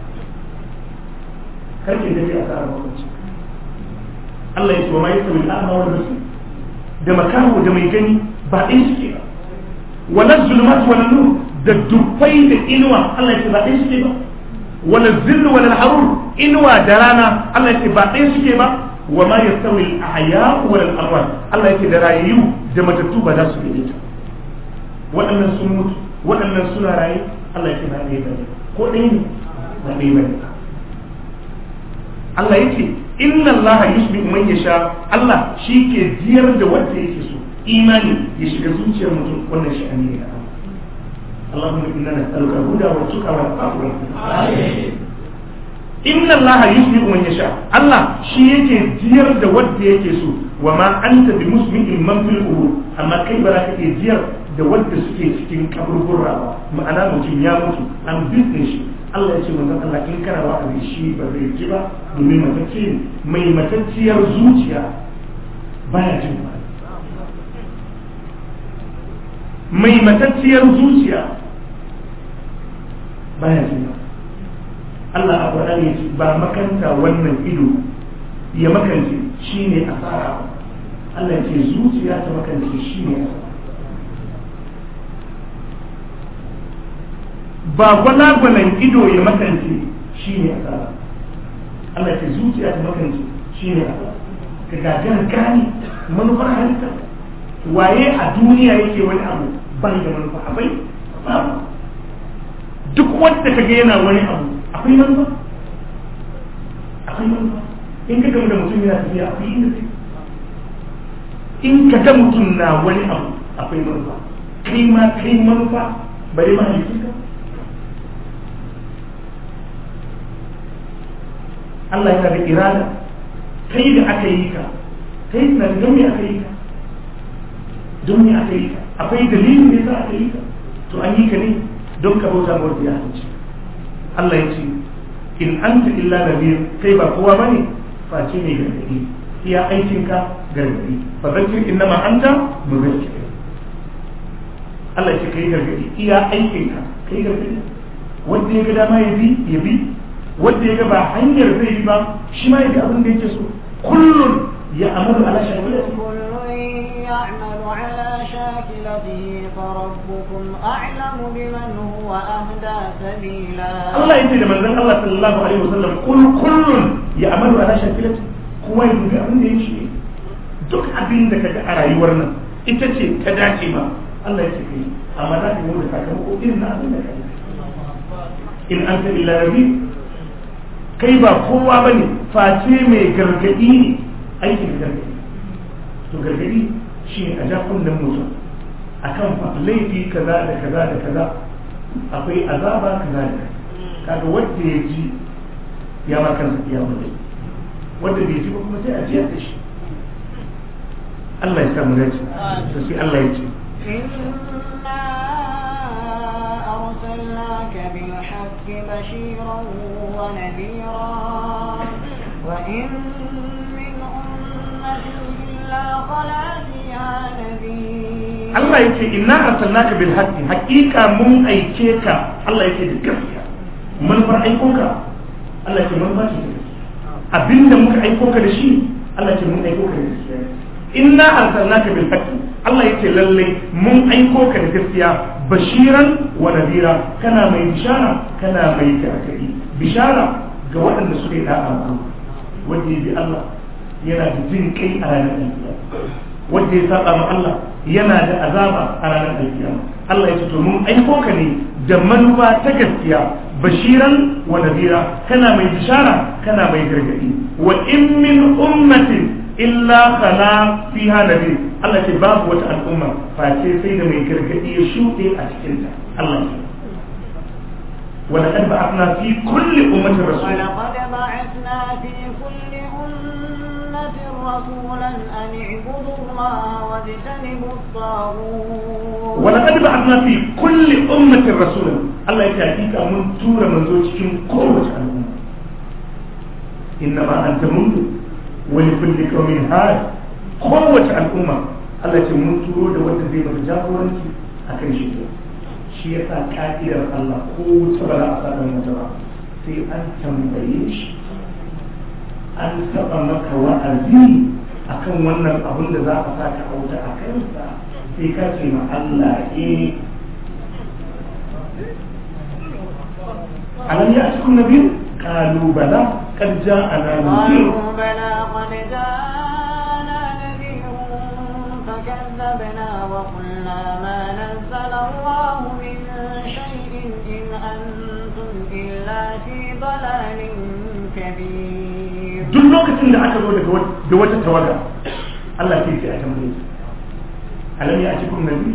kar da ke a sa'a lokaci Allah ya ce wa ma yasu min a'ma wal basir da makaho da mai gani ba ɗin ke ba wala zulumat wala nur da dufai da inuwa Allah ya ce ba ɗin ke ba wala zillu wala harur inuwa da rana Allah ya ce ba ɗin ke ba wa ma yastawi al-ahya wal amwat Allah yake da rayu da matattu ba za su ta waɗannan sun mutu waɗannan suna raye Allah yake ba daidaita ko ɗaya ne ba daidaita Allah yake inna Allah yusbihu man yasha Allah shi ke jiyar da wanda yake so imani ya shiga zuciyar mutum wannan sha'ani ne Allah اللهم انا نسالك الهدى والتقى والعفو inna allaha yusmi'u man yasha Allah shi yake jiyar da wanda yake so wa ma anta bi musmi'in man fil qubur amma kai ba ka iya jiyar da wanda suke cikin kaburbura ba ma'ana mutum ya mutu an bizne shi Allah ya ce manzon Allah in kana ba abin shi ba zai ji ba domin matacce ne mai matacciyar zuciya baya jin ba mai matacciyar zuciya baya jin ba Allah a faɗa ne ba makanta wannan ido ya makance shi ne asara Allah ya ce zuciya ta makance shi ne asara ba gwalagwalan ido ya makance shi ne asara Allah ke zuciya ta makance shi ne asara ka gagar gani manufar halitta waye a duniya yake wani abu ban da manufa akwai duk wanda ka ga yana wani abu akwai manufa akwai manufa in ka gamu da mutum yana tafiya akwai inda zai in ka ga mutum na wani abu akwai manufa kai ma kai manufa bari ma yi ka Allah yana da irada kai da aka yi ka kai na don me aka yi ka don aka yi ka akwai dalilin da yasa aka yi ka to an yi ka ne don ka bauta ma wanda ya hanci Allah ya ce in anta illa nadir kai ba kowa bane face ne gargadi iya aikin aikinka gargadi fa zakir innama anta muzakkir Allah ya ce kai gargadi iya aikin ka kai gargadi wanda ya ga dama ya bi ya bi wanda ya ga ba hanyar zai yi ba shi ma yake abin da yake so kullun ya amalu ala shakilati يعمل على شاكلته فربكم أعلم بمن هو أهدى سبيلا الله يجي لمن ذن الله صلى الله عليه وسلم قل كل يعمل على شاكلته هو يجي أبن يشي duk abin da kaga a rayuwar nan ita ce ta dace ba Allah ya ce kai amma za ka yi wanda sakamako irin na abin da ka in anta illa rabbi kai ba kowa ba ne face mai gargadi ne aiki da gargadi to gargadi shi a ja Musa, a kan fa laifi kaza da kaza da kaza akwai azaba kaza da kaga wanda ya ji ya ma kansa ya mutu wanda bai ji ba kuma sai a jiyar da shi Allah ya samu dace to sai Allah ya ce أرسلناك بالحق بشيرا ونذيرا وإن من أمة إلا خلا فيها نذير الله يتي إنا أرسلناك بالحق حقيقة من أيكيك الله يتي بالكفية من فرأيكوك الله يقول من فرأيكوك abinda muka aiko ka da shi Allah ce mun aiko ka da gaskiya inna arsalnaka bil haqqi Allah yace lalle mun aiko ka da gaskiya bashiran wa nadira kana mai bishara kana mai gargadi bishara ga waɗanda suka yi da'a ma wanda bi Allah yana da jin kai a ranar alkiyama wanda ya saba ma Allah yana da azaba a ranar alkiyama Allah ya ce to mun aiko ka ne da manufa ta gaskiya bashiran wa nadira kana mai bishara kana mai gargadi wa in min ummatin illa kana fiha nadir Allah ce babu wata al'umma face sai da mai gargaɗi ya shuɗe a cikinta Allah ce. Wani ɗan ba a fi kulle umarci rasu. Wani ba a fi kulle umarci rasu nan a ne gudunma fi kulle umarci rasu Allah ya fi a mun tura manzo cikin kowace al'umma. Inna ba a ta mun wani kulle kawai hari. kowace al'umma Allah ce mun turo da wanda zai mata jagoranci akan kan shi shi ya sa ka'idar Allah ko wuce ba za a saɗa mata ba sai an tambaye shi an taɓa maka wa'azi a kan wannan abun da za a sa ka auta a kansa sai ka ce ma Allah eh alam ya cikin nabi kalu bala kan ja'ana nabi kalu bala فكذبنا وقلنا ما نزل الله من شيء إن أنتم إلا في ضلال كبير duk lokacin da aka zo da wata tawaga Allah ke ce a tambaye a alam ya ci kun nabi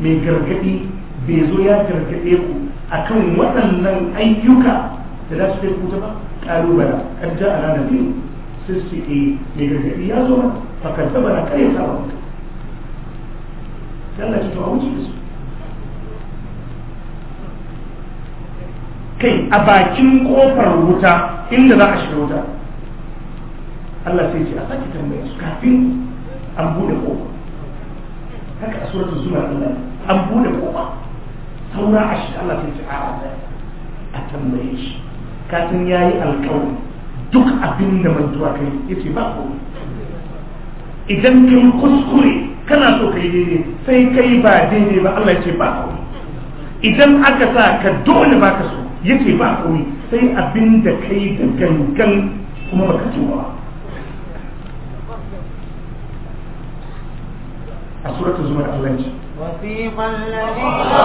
mai gargadi bai zo ya gargade ku akan waɗannan ayyuka da za su kai ku ta ba kalubala kan ja mai gargadi ya zo ba fakar zaba kai a bakin ƙofar wuta inda za shiga wuta Allah sai ce a su kafin an haka an shi Allah sai ce a shi kafin yayi alƙawari duk abin da mantuwa ba idan kai kuskure kana so ka yi daidai sai kai ba daidai ba Allah ce ba komai idan aka sa ka dole ba ka so ya ce ba komai sai abin da kai da gangan kuma baka tuba a suratul zumar Allah ce وسيق الذين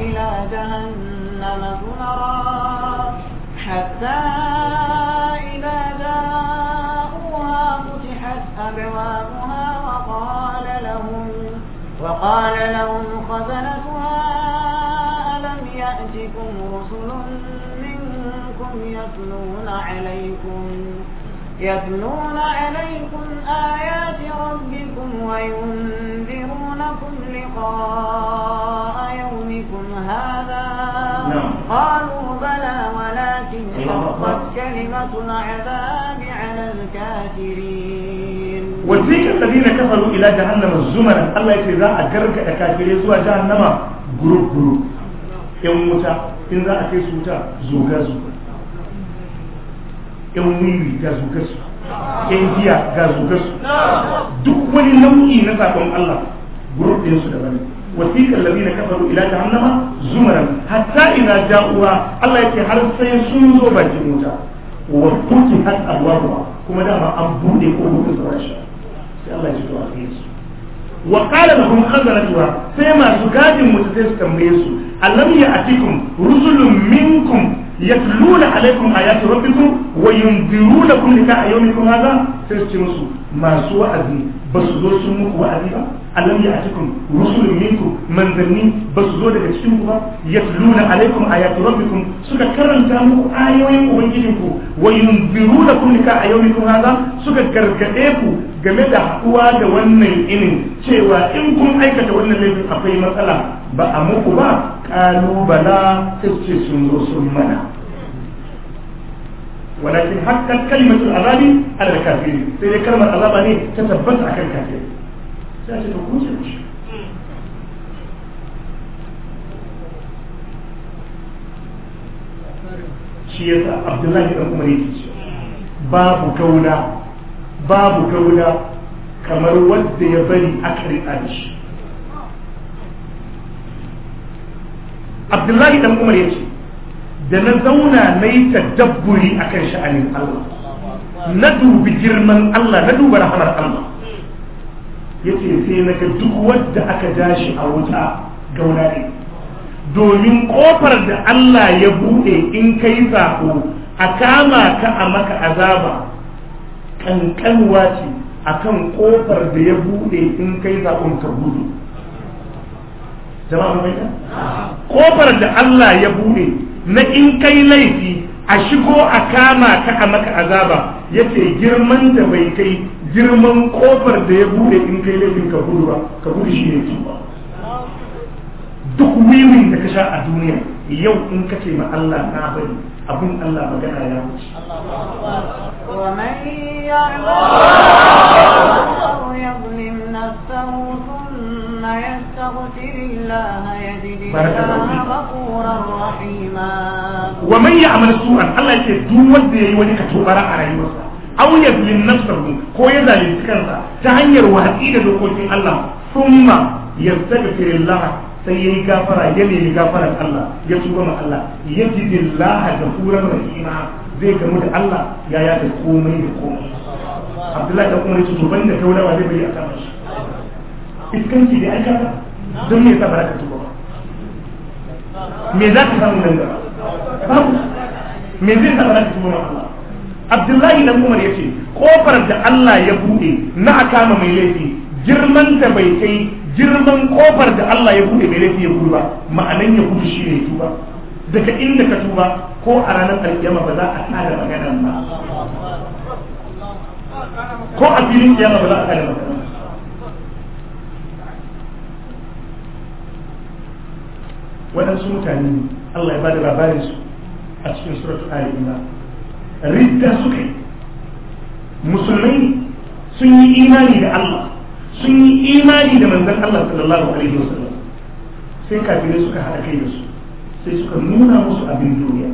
إلى جهنم زمرا حتى وقال لهم خزنتها ألم يأتكم رسل منكم يتلون عليكم يتلون عليكم آيات ربكم وينذرونكم لقاء يومكم هذا نعم. قالوا بلى ولكن حقت كلمة العذاب على الكافرين wasiƙar ladina kafaru ila jahannama zumar Allah ya ce za a gargada kafirai zuwa jahannama group group yan wuta in za a kai su wuta zuga zuga yan wiwi ga zuga su yan giya ga zuga su duk wani nau'i na sakon Allah group din su daban wasiƙar ladina kafaru ila jahannama zumaran hatta ina ja'uwa Allah ya ce har sai sun zo bakin wuta wa tuki har alwarwa kuma dama an buɗe ko buɗe zuwa shi sai Allah ya fito a kai su wa qala lahum sai masu gadin mu sai su tambaye su alam ya atikum rusulun minkum yatluna alaikum ayati rabbikum wa yunzirunakum lika yawmikum hadha sai su ce musu masu wa'azi ba su zo sun muku wa'azi ba ya atikum rusulun minkum manzanni ba su zo daga cikin ku ba yatluna alaikum ayati rabbikum suka karanta muku ayoyin ubangijinku wa yunzirunakum lika yawmikum hadha suka gargade ku game da haɗuwa da wannan inin cewa in kun aikata wannan laifin akwai matsala ba a muku ba kalubala sai sun zo sun mana walakin haƙƙar kalmatul azabi ala kafiri sai dai kalmar azaba ne ta tabbata akan kafiri sai ce to kun ce shi yasa abdullahi dan umar yake ce. babu kauna babu gauna kamar wanda ya bari aka riƙa da shi abdullahi dan umar ya ce da na zauna na yi tadabburi a kan sha'anin allah na dubi girman allah na duba rahamar allah ya ce sai na ga duk wadda aka dashi a wuta gauna ne domin kofar da allah ya buɗe in kai sako a kama ka a maka azaba kankanwa ce a kan kofar da ya bude in kai zaɓon ka bude jama'a mai kofar da Allah ya bude na in kai laifi a shigo a kama ka a maka azaba ce girman da bai kai girman kofar da ya bude in kai laifin ka gudu shi ne ba duk wiwin da ka sha a duniya yau in ka ce ma Allah na bari abin Allah magana ya wuce wa man ya'mal su'an Allah ya ce duk wanda yayi wani katobara a rayuwarsa aw yazlim nafsahu ko ya zalunci kansa ta hanyar watsi da dokokin Allah thumma yastaghfirullah sai ya yi gafara ya nemi gafarar Allah ya ci goma Allah ya ji laha da kuran rahima zai gamu da Allah ya ya ta komai da komai Abdullahi da kuma yace to da taulawa zai bari a kama shi iskanci da aika don me sabara ba ka tuba me za ka samu nan gaba babu me zai sabara ba ka tuba ma Allah Abdullahi dan Umar yace kofar da Allah ya bude na kama mai laifi girman ta bai kai girman kofar da Allah ya bude mai laifi ya gudu ba ma'anan ya gudu shi ne tuba daga inda ka tuba ko a ranar alkiyama ba za a tsara maganar ba ko a filin kiyama ba za a tsara maganar waɗansu mutane Allah ya bada da labarin su a cikin suratul ali imran ridda suka yi musulmai sun yi imani da Allah sun yi imani da manzon Allah sallallahu alaihi wasallam sai kafirai suka haɗa kai da su sai suka nuna musu abin duniya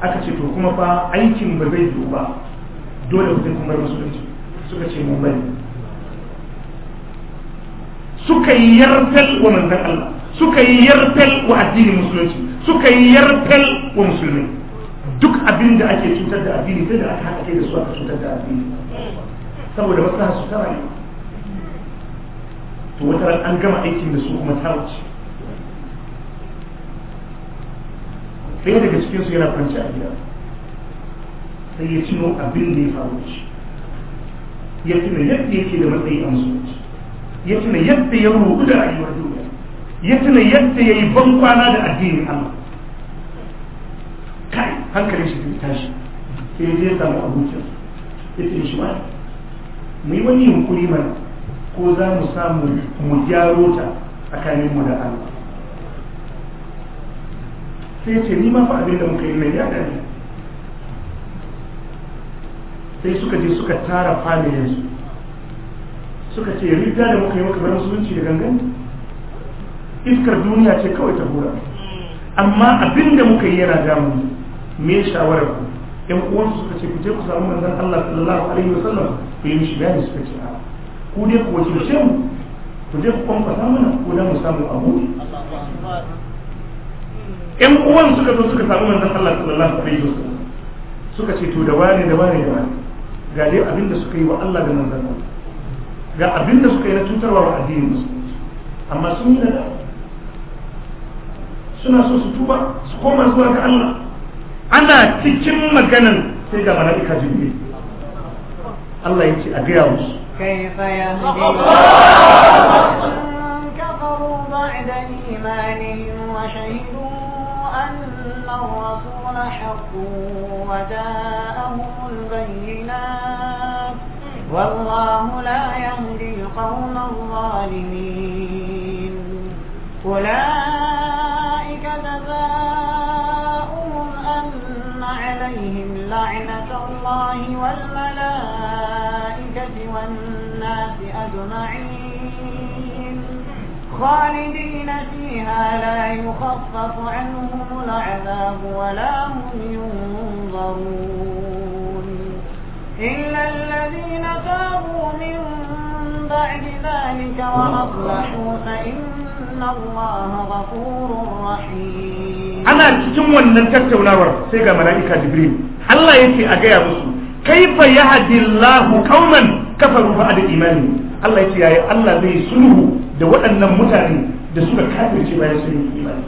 aka ce to kuma fa aikin ba zai yiwu ba dole ku sai kuma musulunci suka ce mu bari suka yi yarfel wa manzon Allah suka yi yarfel wa addinin musulunci suka yi yarfel wa musulmai duk abin da ake cutar da addini sai da aka haɗa kai da su aka cutar da addini saboda maslaha su ta rayu to wata an gama aikin da su kuma ta wuce ɗaya daga cikinsu yana kwanci a gida sai ya cino abin da ya faru shi ya tuna yadda yake da matsayi a musulunci ya tuna yadda ya roƙi da rayuwar duniya ya tuna yadda ya yi ban kwana da addinin Allah kai hankalin shi tashi sai ya je samu abokin ya tuna shi ma mu yi wani hukuri mana ko za mu samu mu gyaro ta tsakaninmu da Allah sai ce ni ma fa abin da muka yi mai yada ne? sai suka je suka tara familinsu suka ce rita da muka yi maka barin musulunci da gangan iskar duniya ce kawai ta hura amma abin da muka yi yana damu me shawarar ku yan uwansu suka ce ku je ku samu manzon Allah sallallahu alaihi wasallam sai yi shiga suka ce a ku dai ku wakilce mu ku je ku kwamfata mana ko da mu samu abu in uwan suka zo suka samu manzon Allah sallallahu alaihi wasallam suka ce to da wani da wani da wani ga dai abin da suka yi wa Allah da manzon Allah ga abin da suka yi na cutarwa wa addinin musulunci amma sun yi da suna so su tuba su koma zuwa ga Allah ana cikin maganan sai ga mala'ika jibril الله يجي ce a كيف يهدي كفروا بعد إيمانهم وشهدوا أن الرسول حق وجاءهم البينات والله لا يهدي القوم الظالمين أولئك جزاؤهم أن عليهم لعنة الله والملائكة الملائكة والناس أجمعين خالدين فيها لا يخفف عنهم العذاب ولا هم ينظرون إلا الذين تابوا من بعد ذلك وأصلحوا فإن الله غفور رحيم أنا cikin wannan tattaunawar sai ga mala'ika Jibril Allah yake a gaya musu kaifa yahdi Allahu qauman kafaru ba'da imani Allah yace yayi Allah zai sulhu da waɗannan mutane da suka kafirce bayan sun yi imani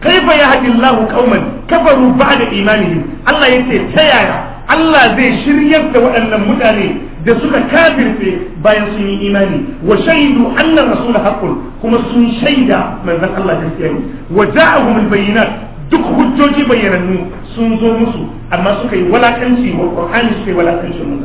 kaifa yahdi Allahu qauman kafaru ba'da imani Allah yace ta yaya Allah zai shiryar da waɗannan mutane da suka kafirce bayan sun yi imani wa shaidu annar rasul haqqun kuma sun shaida manzon Allah gaskiya ne wa ja'ahum al-bayyinat duk hujjoji bayyanannu sun zo musu amma suka yi walakanci wa qur'ani suka yi walakancin mun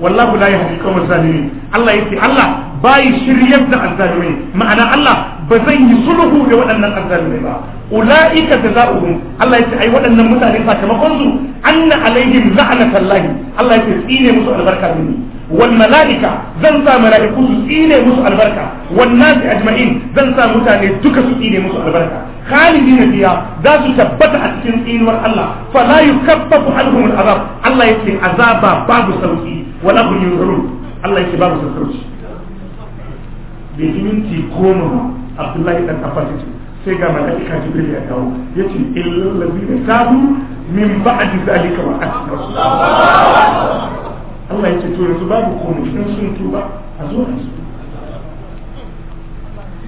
wallahu la yahdi qawmal zalimin Allah yace Allah bai shiryar da azzalimi ma'ana Allah ba zan yi sulhu da waɗannan azzalimi ba ulaika jazaohum Allah yace ai waɗannan mutane sakamakon su anna alaihim la'natullahi Allah yace tsine musu albarka zan ne والملائكة زنسا ملائكة سئيني مسو البركة zan أجمعين mutane duka دك سئيني musu albarka? khalidina fiha za su tabbata a cikin inuwar Allah fa la yukaffafu anhum al'azab Allah yace azaba babu sauki wala hum yunzarun Allah yace babu sauki bai yi minti goma Abdullahi dan Abbas yace sai ga mala'ika Jibril ya dawo yace illal ladina tabu min ba'di zalika wa asbaru Allah yace babu a zuwa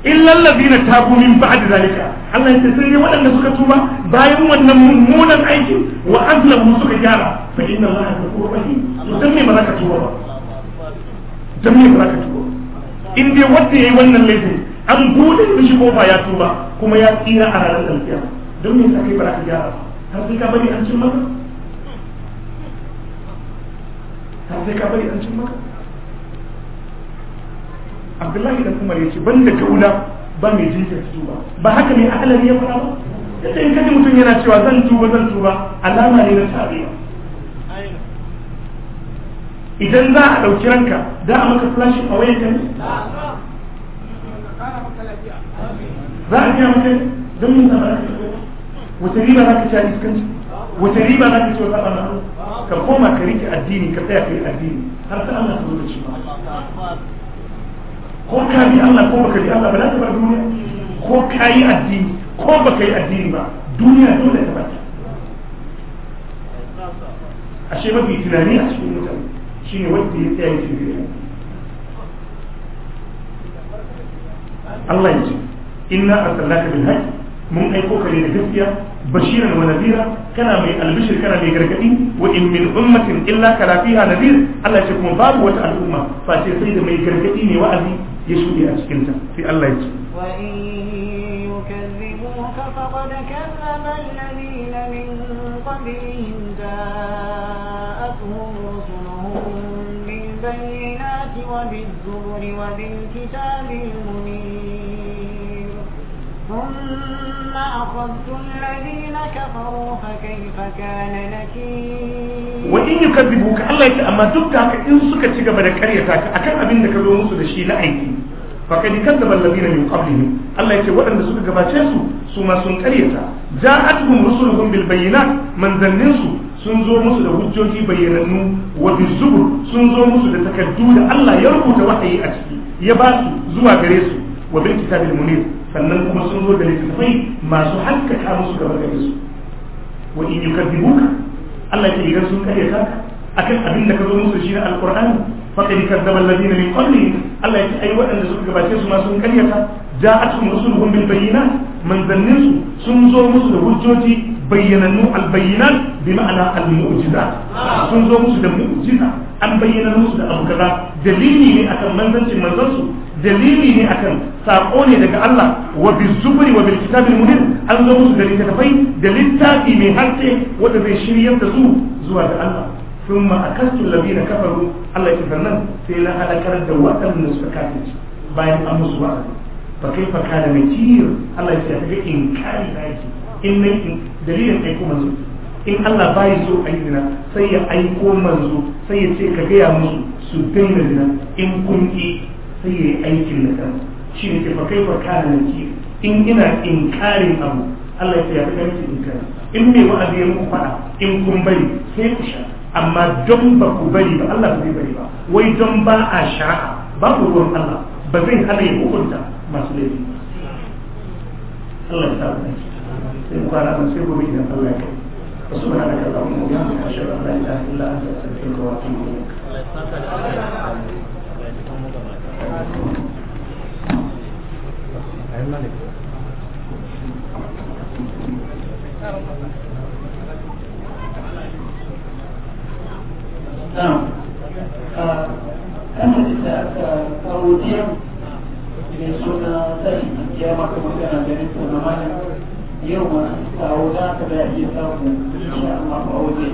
illal ladina tabu min ba'd zalika Allah ya sai ne waɗanda suka tuba bayan wannan mummunan aikin wa azlamu suka gyara fa inna Allah ghafurur rahim to dan me ba za ka tuba ba dan me ba za ka tuba in dai wanda yayi wannan laifin an bude mishi kofa ya tuba kuma ya tsira a ranar alkiyama don me sai ba za gyara har sai ka bari an cin maka har sai ka bari an cin maka abdullahi da kuma ya ce ban da kauna ba mai jinkirta tuba ba haka ne ahalari ya fara ba yace in kaji mutum yana cewa zan tuba zan tuba alama ne na sabiya idan za a ɗauki ranka za a maka flashing a wayan kan za a gaya kai don mun zama zaka wata riba za ka ci a iskanci wata riba za ka ci wata ɓana ka koma ka rike addini ka tsaya ka yi addini har ta Allah ta zo da shi ba ko ka bi Allah ko baka bi Allah ba za ta bar duniya ko ka yi addini ko baka yi addini ba duniya dole ta bar ashe mafi tunani a cikin mutane Shi ne wanda ya tsaya cikin duniya Allah ya ce inna arsalnaka bil haqq mun aiko ka ne da gaskiya bashiran wa nadira kana mai albishir kana mai gargadi wa in min ummatin illa kana fiha nadir Allah ya ce kuma babu wata al'umma face sai da mai gargadi ne wa'azi ya shuɗe a ta sai Allah ya ce وبالزبر وبالكتاب المنير ثم أخذت الذين كفروا فكيف كان نكير وإن يكذبوك الله يتأمى أما دبتك إن سكت قبل كريتك أكان أبنك بيوم سدشي لأيكي فقد كذب الذين من قبلهم الله يتي وأن سوك قباتيسو سوما سنكريتا جاءتهم رسلهم بالبينات من ذننسو sun zo musu da hujjoji bayyanannu wa bizubur sun zo musu da takaddu da Allah ya rubuta wahayi a ciki ya ba su zuwa gare su wa bil kitabil munir sannan kuma sun zo da littattafai masu hankaka musu gaba gare su wa in yukadibuka Allah ke idan sun kare ka akan abin da ka zo musu shi na alqur'ani faqad kadzdzaba alladhina min kwalli Allah ya ce ai waɗanda suka gabace su ma sun kare ka ja'atuhum rusuluhum bil bayyinat man su sun zo musu da hujjoji bayyanannu albayyinan bi ma'ana almu'jiza sun zo musu da mu'jiza an bayyana musu da abu kaza dalili ne akan manzancin manzansu dalili ne kan saƙo ne daga Allah wa bi zubri wa bil kitabil an zo musu da littafai da littafi mai haske wanda zai shiryar da su zuwa ga Allah thumma akastu alladhina kafaru Allah ya sannan sai na halakar da waɗanda suka kafirci bayan an musu wa'azi fa kaifa kana nakir Allah ya ce in kari da yake in nayi dalilin aiko manzo in Allah bai so ayi zina sai ya aiko manzo sai ya ce ka gaya musu su dinga zina in kun ki sai ya yi aikin na kansu shi ne ke fa kai fa kana ki in ina inkarin abu Allah ya ce ya fi in inkari in me wa'azi ya muku faɗa in kun bari sai ku sha amma don ba ku bari ba Allah ba zai bari ba wai don ba a shari'a ba ku ruwan Allah ba zai hana ya hukunta masu laifi Allah ya sa ku in kwana sun sai gobe idan Allah ya kai subhanaka allahumma wa bihamdika ashhadu an la ilaha illa anta astaghfiruka wa atubu ilaik Now, uh, kan da karotiyar da suna tashi ya maka magana ganin tsoron yau ma kawo ka da iya samu insha Allah a waje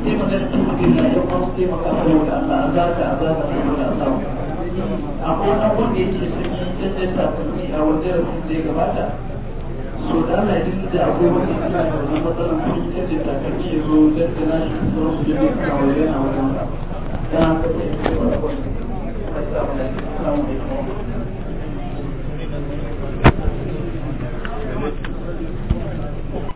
sai mu dan tuki na yau ma sai mu ka kawo da Allah za ka za ka kawo da Allah akwai wani da yake sun yi ta sai sakonni a wajen da ya gabata so da Allah ya da akwai wani ana da wani matsalar kuɗi ta ce takarci ya zo dan da nashi sauran su ya kawo yana wajen sa dan haka sai ya kawo da wani assalamu alaikum assalamu